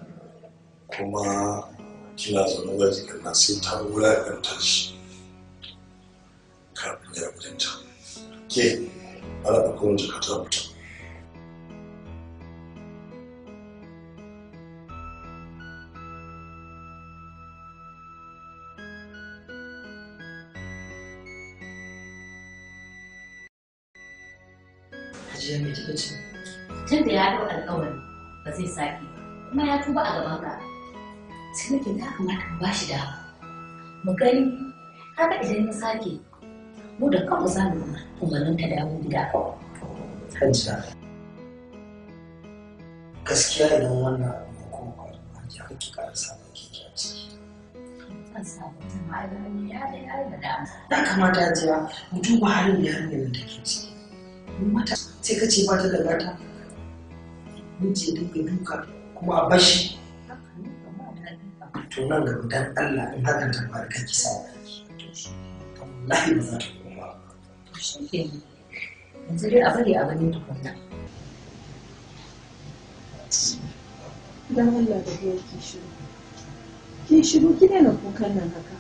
Speaker 3: kuma kina zaune za ki kalla sai ta gona wulaƙanta shi kafin ya gudunta ke ala a kuma jikata mutum
Speaker 2: Hajiya mai kika ce? tunda da ya dau alƙawari ba zai sake
Speaker 4: kuma ya tuba a gaban ka
Speaker 1: sai nake ya kamata mu shi da mu gani kaga idan ya sake mu da kanmu za mu umarnin ta dawo gida
Speaker 2: hajjia gaskiya idan wannan abu ya kuma kwari ma ki kake ƙara samun kiki a ciki ya kamata jiya mu duba halin da yarinyar da take ciki mata sai ka ce ba ta da gata miji da ke duka kuma a bashi to nan gaba dan Allah in hakan ta faru kan kisa wallahi ba za ta koma to shi ke yanzu dai a bari a bane tukunna
Speaker 6: dan Allah da biyar ki shiru ki shiru ki daina kukan nan haka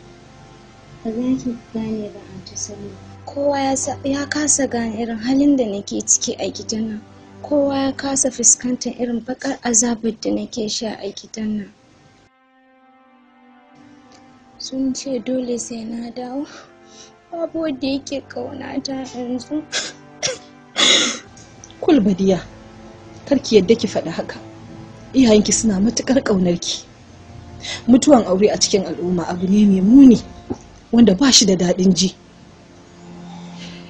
Speaker 6: ba za ki
Speaker 4: gane ba a ta sani kowa ya kasa gane irin halin da nake ciki a gidan nan kowa ya kasa fuskantar irin bakar azabar da nake sha a gidan nan sun ce dole sai na dawo babu wanda yake ta yanzu
Speaker 6: kulbadiya karki yadda ki faɗi haka iyayenki suna matuƙar ƙaunarki mutuwan aure a cikin al'umma abu ne mai muni wanda ba shi da daɗin ji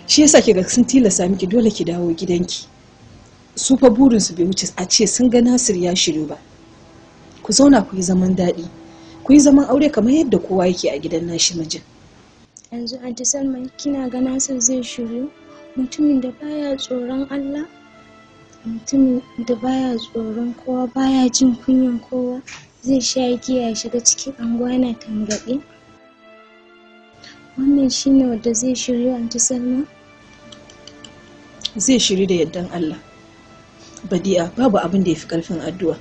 Speaker 6: shi yasa kiga sun tilasta miki dole ki dawo gidanki su fa burinsu bai wuce a ce sun ga nasir ya shiryu ba ku zauna ku yi zaman daɗi ku yi zaman aure kamar yadda kowa yake a gidan nashi mijin yanzu
Speaker 4: anti salma kina ga nasir zai shiryu mutumin da baya tsoron allah mutumin da baya tsoron kowa baya jin kunyan kowa zai sha giya ya shiga cikin angwana yana tangaɗe wannan
Speaker 6: shine wanda zai shiryu anti salma zai shiryu da yaddan allah badi'a babu abin da ya fi karfin addu'a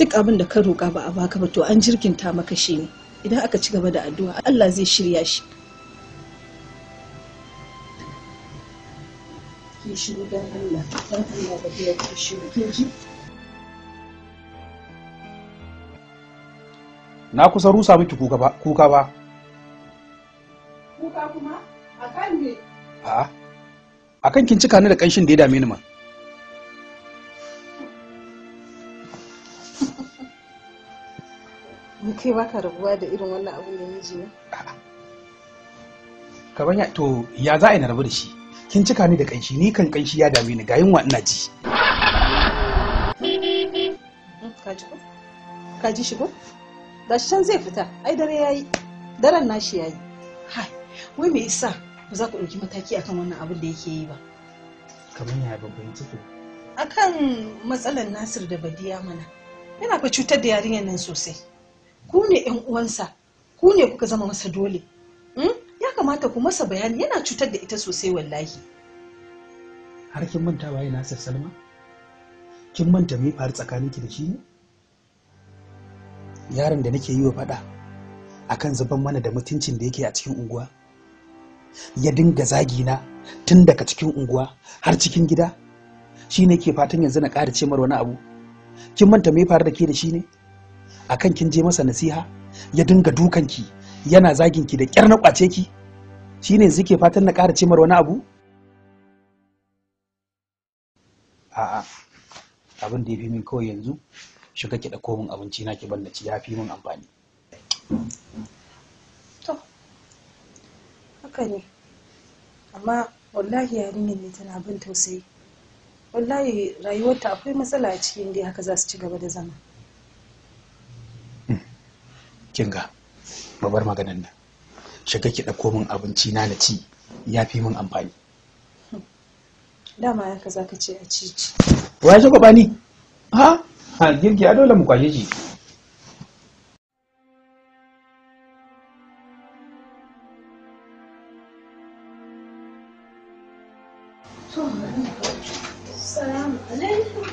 Speaker 6: duk abin da ka roƙa ba a baka ba to an jirkinta maka shi ne idan aka ci gaba da addu'a Allah zai shirya shi
Speaker 2: na kusa rusa miki kuka ba kuka ba
Speaker 6: kuka kuma akan
Speaker 2: a akan kin cika ni da kanshin da ya dame ni ma
Speaker 6: kai baka rabuwa da irin wannan abin da miji ne
Speaker 2: kaban ya to ya za a yi na rabu da shi kin cika ni da kanshi ni kan kanshi ya dame ni ga yunwa ina ji
Speaker 6: kaji ko kaji shigo gashi can zai fita ai dare ya yi. daren nashi yayi hai wai me yasa ba za ku ɗauki mataki akan wannan abin da yake yi ba
Speaker 2: kamar ya babban ciki
Speaker 6: akan matsalar Nasir da Badiya mana yana fa cutar da yarinyar nan sosai ku ne yan uwansa ku ne kuka zama masa dole hmm? ya kamata ku masa bayani yana cutar da ita sosai wallahi
Speaker 2: har kin manta waye Nasir Salma kin manta me faru tsakaninki da shi ne yaron da nake yi wa fada akan zuban mana da mutuncin da yake a cikin unguwa ya dinga zagina tun daga cikin unguwa har cikin gida shi ke fatan yanzu na ƙara ce wani abu kin manta me faru da ke da shi ne akan kin je masa nasiha ya dinga dukan ki yana zagin ki da kyar na kwace ki shine yanzu ke fatan na ƙara cimar wani abu a'a abin da ya fi min kawai yanzu shiga ki ɗauko min abinci na ki ci, ya fi min amfani
Speaker 6: to haka ne amma wallahi yarinyar ne tana bin tausayi wallahi rayuwarta akwai matsala a cikin dai haka za su ci gaba da zama
Speaker 2: kinga babar bar maganan nan shiga ki ɗauko min abinci na na ci ya fi min amfani
Speaker 6: dama ya kaza ka ce a ci
Speaker 2: wai shi ba ni ha ha girgi a dole mu kwashe shi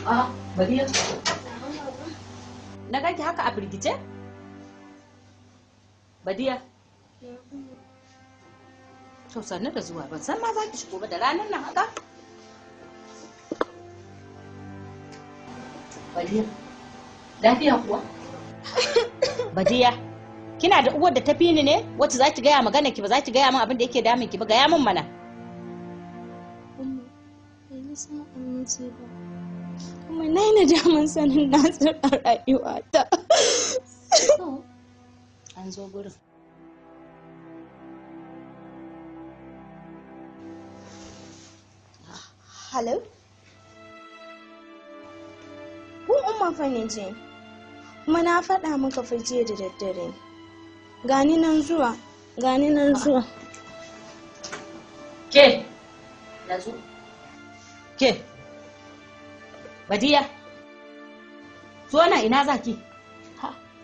Speaker 1: ah, Na haka a birgice? badiya to sannu da zuwa ban san ma za ki shigo ba da ranar nan haka badiya lafiya kuwa badiya kina da uwar da ta fi ni ne wacce za ki gaya magana ki ba za ki gaya min abin da yake damun ki ba gaya min mana
Speaker 4: kuma na yi na jaman sanin nasir a rayuwata an zo gurin hello Ku umma fa ne je kuma na faɗa maka fa jiya da daddare gani nan zuwa gani nan zuwa ke
Speaker 1: nazu ke badiya zo na ina zaki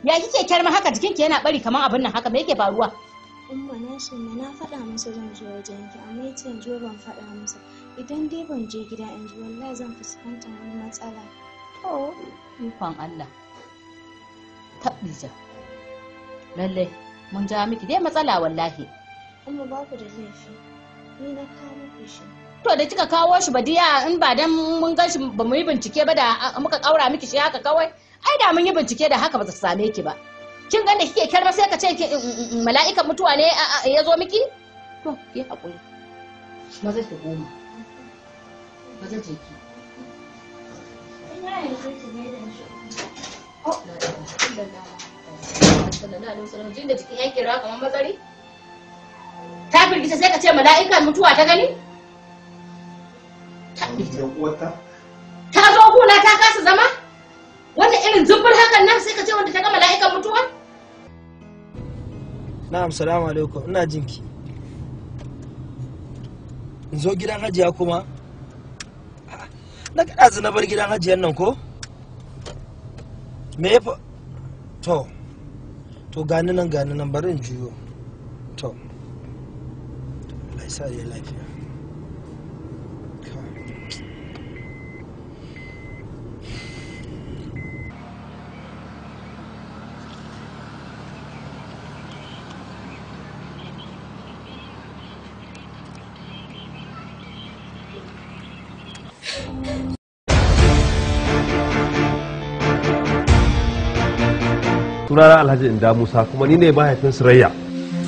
Speaker 1: ya kike kyarma haka jikinki yana bari kamar abin nan haka me yake faruwa
Speaker 4: umma na shirme na faɗa masa zan zo wajen ki amma yace yanzu ban faɗa masa idan dai ban je gida in ji wallahi zan fuskanta wani matsala to
Speaker 1: ikon Allah tabbija lalle mun ja miki dai matsala wallahi
Speaker 4: umma ba ku da laifi ni na kawo ku shi to da kika
Speaker 1: kawo shi ba diya in ba dan mun gan shi ba mu yi bincike ba da muka kaura miki shi haka kawai ai da mun yi bincike da haka ba ta same ki ba kin ga kike kyarma sai ka ce mm, mm, mm, mala'ikan mutuwa ne ya zo miki to ki hakuri maza ki goma ba je ki oh, ta firgita sai ka ce mala'ikan mutuwa ta gani?
Speaker 2: ta firgita
Speaker 1: irin zubbur hakan nan sai ka ce wanda ta ga mala'ikan mutuwa
Speaker 2: na'am salamu alaikum ina jinki in zo gidan hajiya kuma na kada na bar gidan hajiyar nan ko me ya to to gani nan gani nan bari in juyo to Allah ya sa ya lafiya
Speaker 3: sunana alhaji inda musa kuma ni ne mahaifin surayya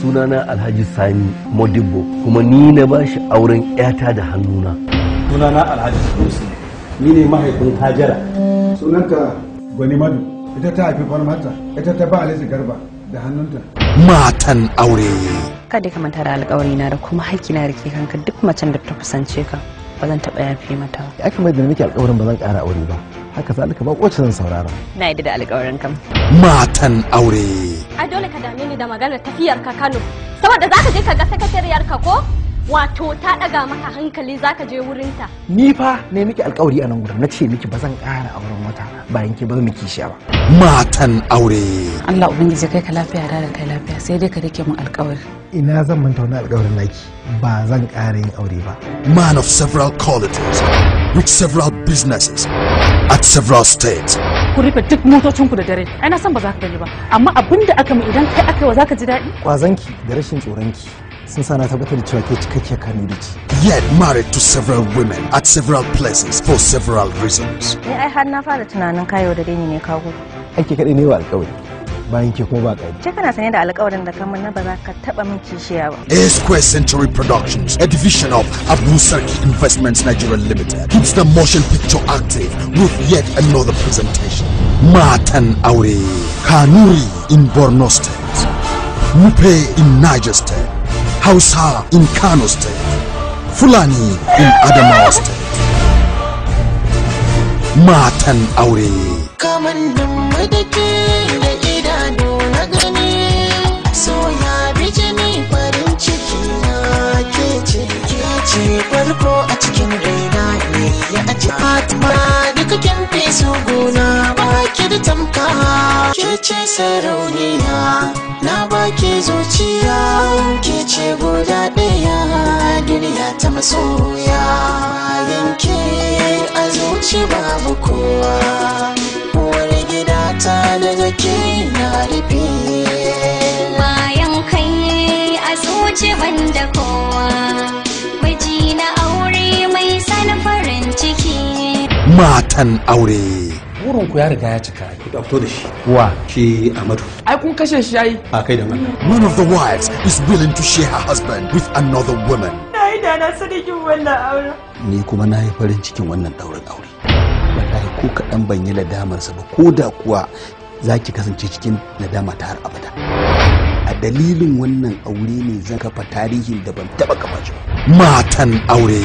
Speaker 2: sunana alhaji sani modibo kuma ni na ba shi auren yata da hannuna
Speaker 3: sunana alhaji sunusi ni ne mahaifin hajara sunanta gwani madu
Speaker 2: ita ta haifi
Speaker 5: farmata ita ta ba alhaji garba da hannunta matan aure
Speaker 2: kada ka
Speaker 7: manta da alƙawari na da kuma haƙƙi na rike kanka duk macen da ta kusance ka ba zan taɓa yafe mata
Speaker 5: ba. Aka mai da nake alƙawarin ba zan ƙara aure ba. haka ka ba wacce zan saurara
Speaker 7: na yadda da alƙawarin kam
Speaker 5: matan aure
Speaker 1: a dole ka dame ni da maganar tafiyar ka Kano saboda ka je ka ga sakatariyar ka ko wato ta daga maka hankali zaka je wurinta
Speaker 5: ni fa
Speaker 2: ne miki alkawari a nan gurin na ce miki ba zan kara auren wata bayan ki ba miki shi ba matan aure Allah ubangiji kai ka lafiya da kai lafiya
Speaker 6: sai dai ka rike mu alkawari
Speaker 5: ina zan manta wani alkawarin naki ba zan kara yin aure ba man of several qualities with several businesses at several states
Speaker 6: ku rufe duk motocinku da dare
Speaker 7: ai na san ba za ka gani ba amma abinda aka mu idan kai aka yi wa za ka ji daɗi
Speaker 5: kwazanki da rashin tsoronki sun sana tabbatar da cewa ke cikakke kanu da ci. Yet married to several women at several places for several reasons. Ni
Speaker 7: eh, ai har na fara tunanin kayo da dai ne kago.
Speaker 5: Ake kaɗai ne wa alƙawari. bayan ke kuma ba ƙari. Ce
Speaker 7: kana sanye da alƙawarin da kamar na ba za ka taɓa min kishiya ba.
Speaker 5: A Square Century Productions, a division of Abu Sarki Investments Nigeria Limited, keeps the motion picture active with yet another presentation. Matan Aure, Kanuri in Borno State, Mupe in Niger State, Hausa in Kano State, Fulani in Adamawa State. Matan aure. Kamannin
Speaker 6: madake da idanu na gani, soya jini farin ciki na kece kece ke farko a cikin raina ne ya aji Fatima. kakin fesu gona baki da tamka ke ce sarauniya na baki zuciya ke ce guda ɗaya duniya ta masoya yanke a zuci babu kowa uwar gida ta da
Speaker 4: zake na rufe bayan kai a zuci banda kowa miji na aure mai sanfa
Speaker 5: matan aure burin ku ya riga ya cika ku dauko da shi wa shi amadu
Speaker 2: ai kun kashe shi ai
Speaker 5: a kai da none of the wives is willing to share her husband with another woman
Speaker 2: nayi da na sadakin wannan aure ni kuma nayi farin cikin wannan daurin aure wallahi ko kaɗan ban yi nadamarsa ba ko da kuwa za ki
Speaker 5: kasance cikin nadama ta har abada a dalilin wannan aure ne zan kafa tarihin da ban taba kafa shi matan aure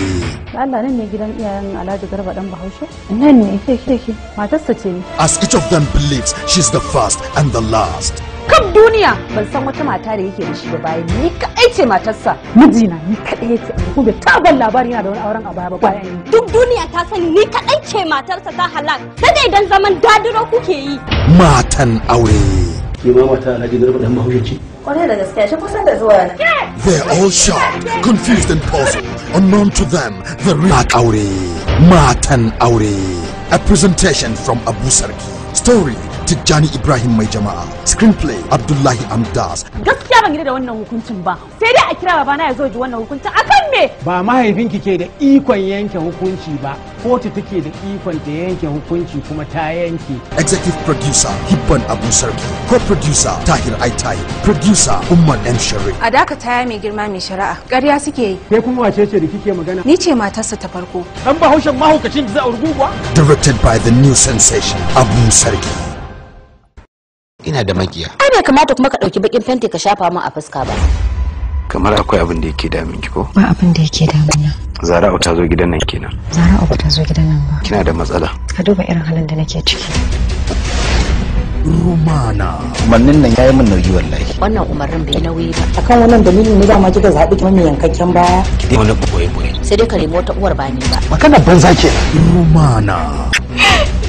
Speaker 6: Allah nan ne gidan iyayen Alhaji Garba dan Bahaushe nan ne ke ke ke matarsa ce ni
Speaker 5: as each of them believes she is the first and the last
Speaker 6: kan duniya ban san wata mata da yake da shi ba bayan ni kaɗai ce
Speaker 1: matarsa mijina ni kaɗai ce ko ta ban labari yana da wani auren a baya ba bayan duk duniya ta sani ni kaɗai ce matarsa ta halak sai dan zaman dadiro kuke yi
Speaker 5: matan aure
Speaker 2: ke ma mata alhaji garba dan mahaukaci
Speaker 1: kwarai da gaskiya shi kusan da zuwa na
Speaker 5: they're all shocked confused and puzzled unknown to them the real aure matan aure a presentation from abu sarki story Tijjani Ibrahim mai jama'a. Screenplay Abdullahi Amdas.
Speaker 7: Gaskiya ban gida da wannan hukuncin ba. Sai dai a kira babana ya zo ji wannan hukuncin akan me?
Speaker 5: Ba mahaifinki ke da ikon yanke hukunci ba. Kotu take da ikon da yanke hukunci kuma ta yanke. Executive producer Hibban Abu Sarki. Co-producer Tahir Aitai. Producer Umar M. Sharif.
Speaker 7: A dakata ta mai girma mai shari'a. Ƙarya suke yi. Kai kuma wace ce da kike magana? Ni ce matarsa ta farko. An bahaushen
Speaker 1: mahaukacin da za a ba.
Speaker 5: Directed by the new sensation Abu Sarki. ina da magiya.
Speaker 1: ai bai kamata kuma ka dauki bakin fenti ka shafa min a fuska ba
Speaker 5: kamar akwai abin da yake damin ki ko
Speaker 4: ba abin da yake damina
Speaker 5: Zara ta zo gidan nan kenan
Speaker 4: Zara ba ta zo
Speaker 6: gidan
Speaker 5: nan ba kina da matsala
Speaker 6: ka duba irin halin da nake ciki
Speaker 5: rumana Manin nan yayi min nauyi wallahi
Speaker 1: wannan umarin bai nauyi ba
Speaker 6: akan wannan dalilin ne dama
Speaker 1: kika
Speaker 5: zabi kuma mai yankakken baya
Speaker 2: ki wani boye boye
Speaker 1: sai dai ka nemi wata uwar ba ni ba
Speaker 5: magana banza ke rumana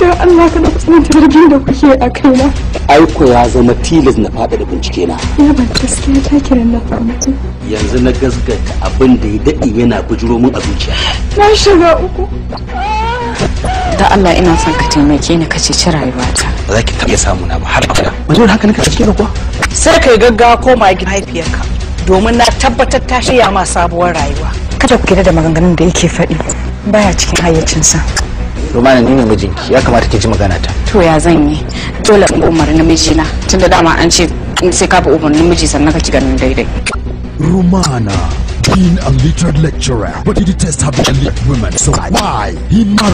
Speaker 5: Da Allah ka dafa tsanin jirgin da kuke a kaina aiko ya zama tilas na fada da bincike na
Speaker 4: ya ban gaskiya ta kiran na farmaki
Speaker 5: yanzu
Speaker 2: na gasgata abin da ya daɗe yana bujuro min a zuciya
Speaker 4: na shiga uku
Speaker 1: da Allah ina son ka taimake ni ka ceci rayuwata
Speaker 2: ba za ki taɓa samu na ba har abada mazuwar haka naka
Speaker 6: cike da kuwa sai kai gaggawa koma gida mahaifiyarka domin na tabbatar ta shirya ma sabuwar rayuwa kada ku kira da maganganun da yake faɗi baya cikin hayyacinsa
Speaker 2: romana ni ne mijinki ya kamata ki ji magana ta
Speaker 6: to ya zan yi dole in umarni
Speaker 7: mijina tunda dama an ce sai ka bi umarnin miji sannan ka ci ganin daidai
Speaker 5: romana being a literate lecturer but he detests having elite women so why he
Speaker 4: married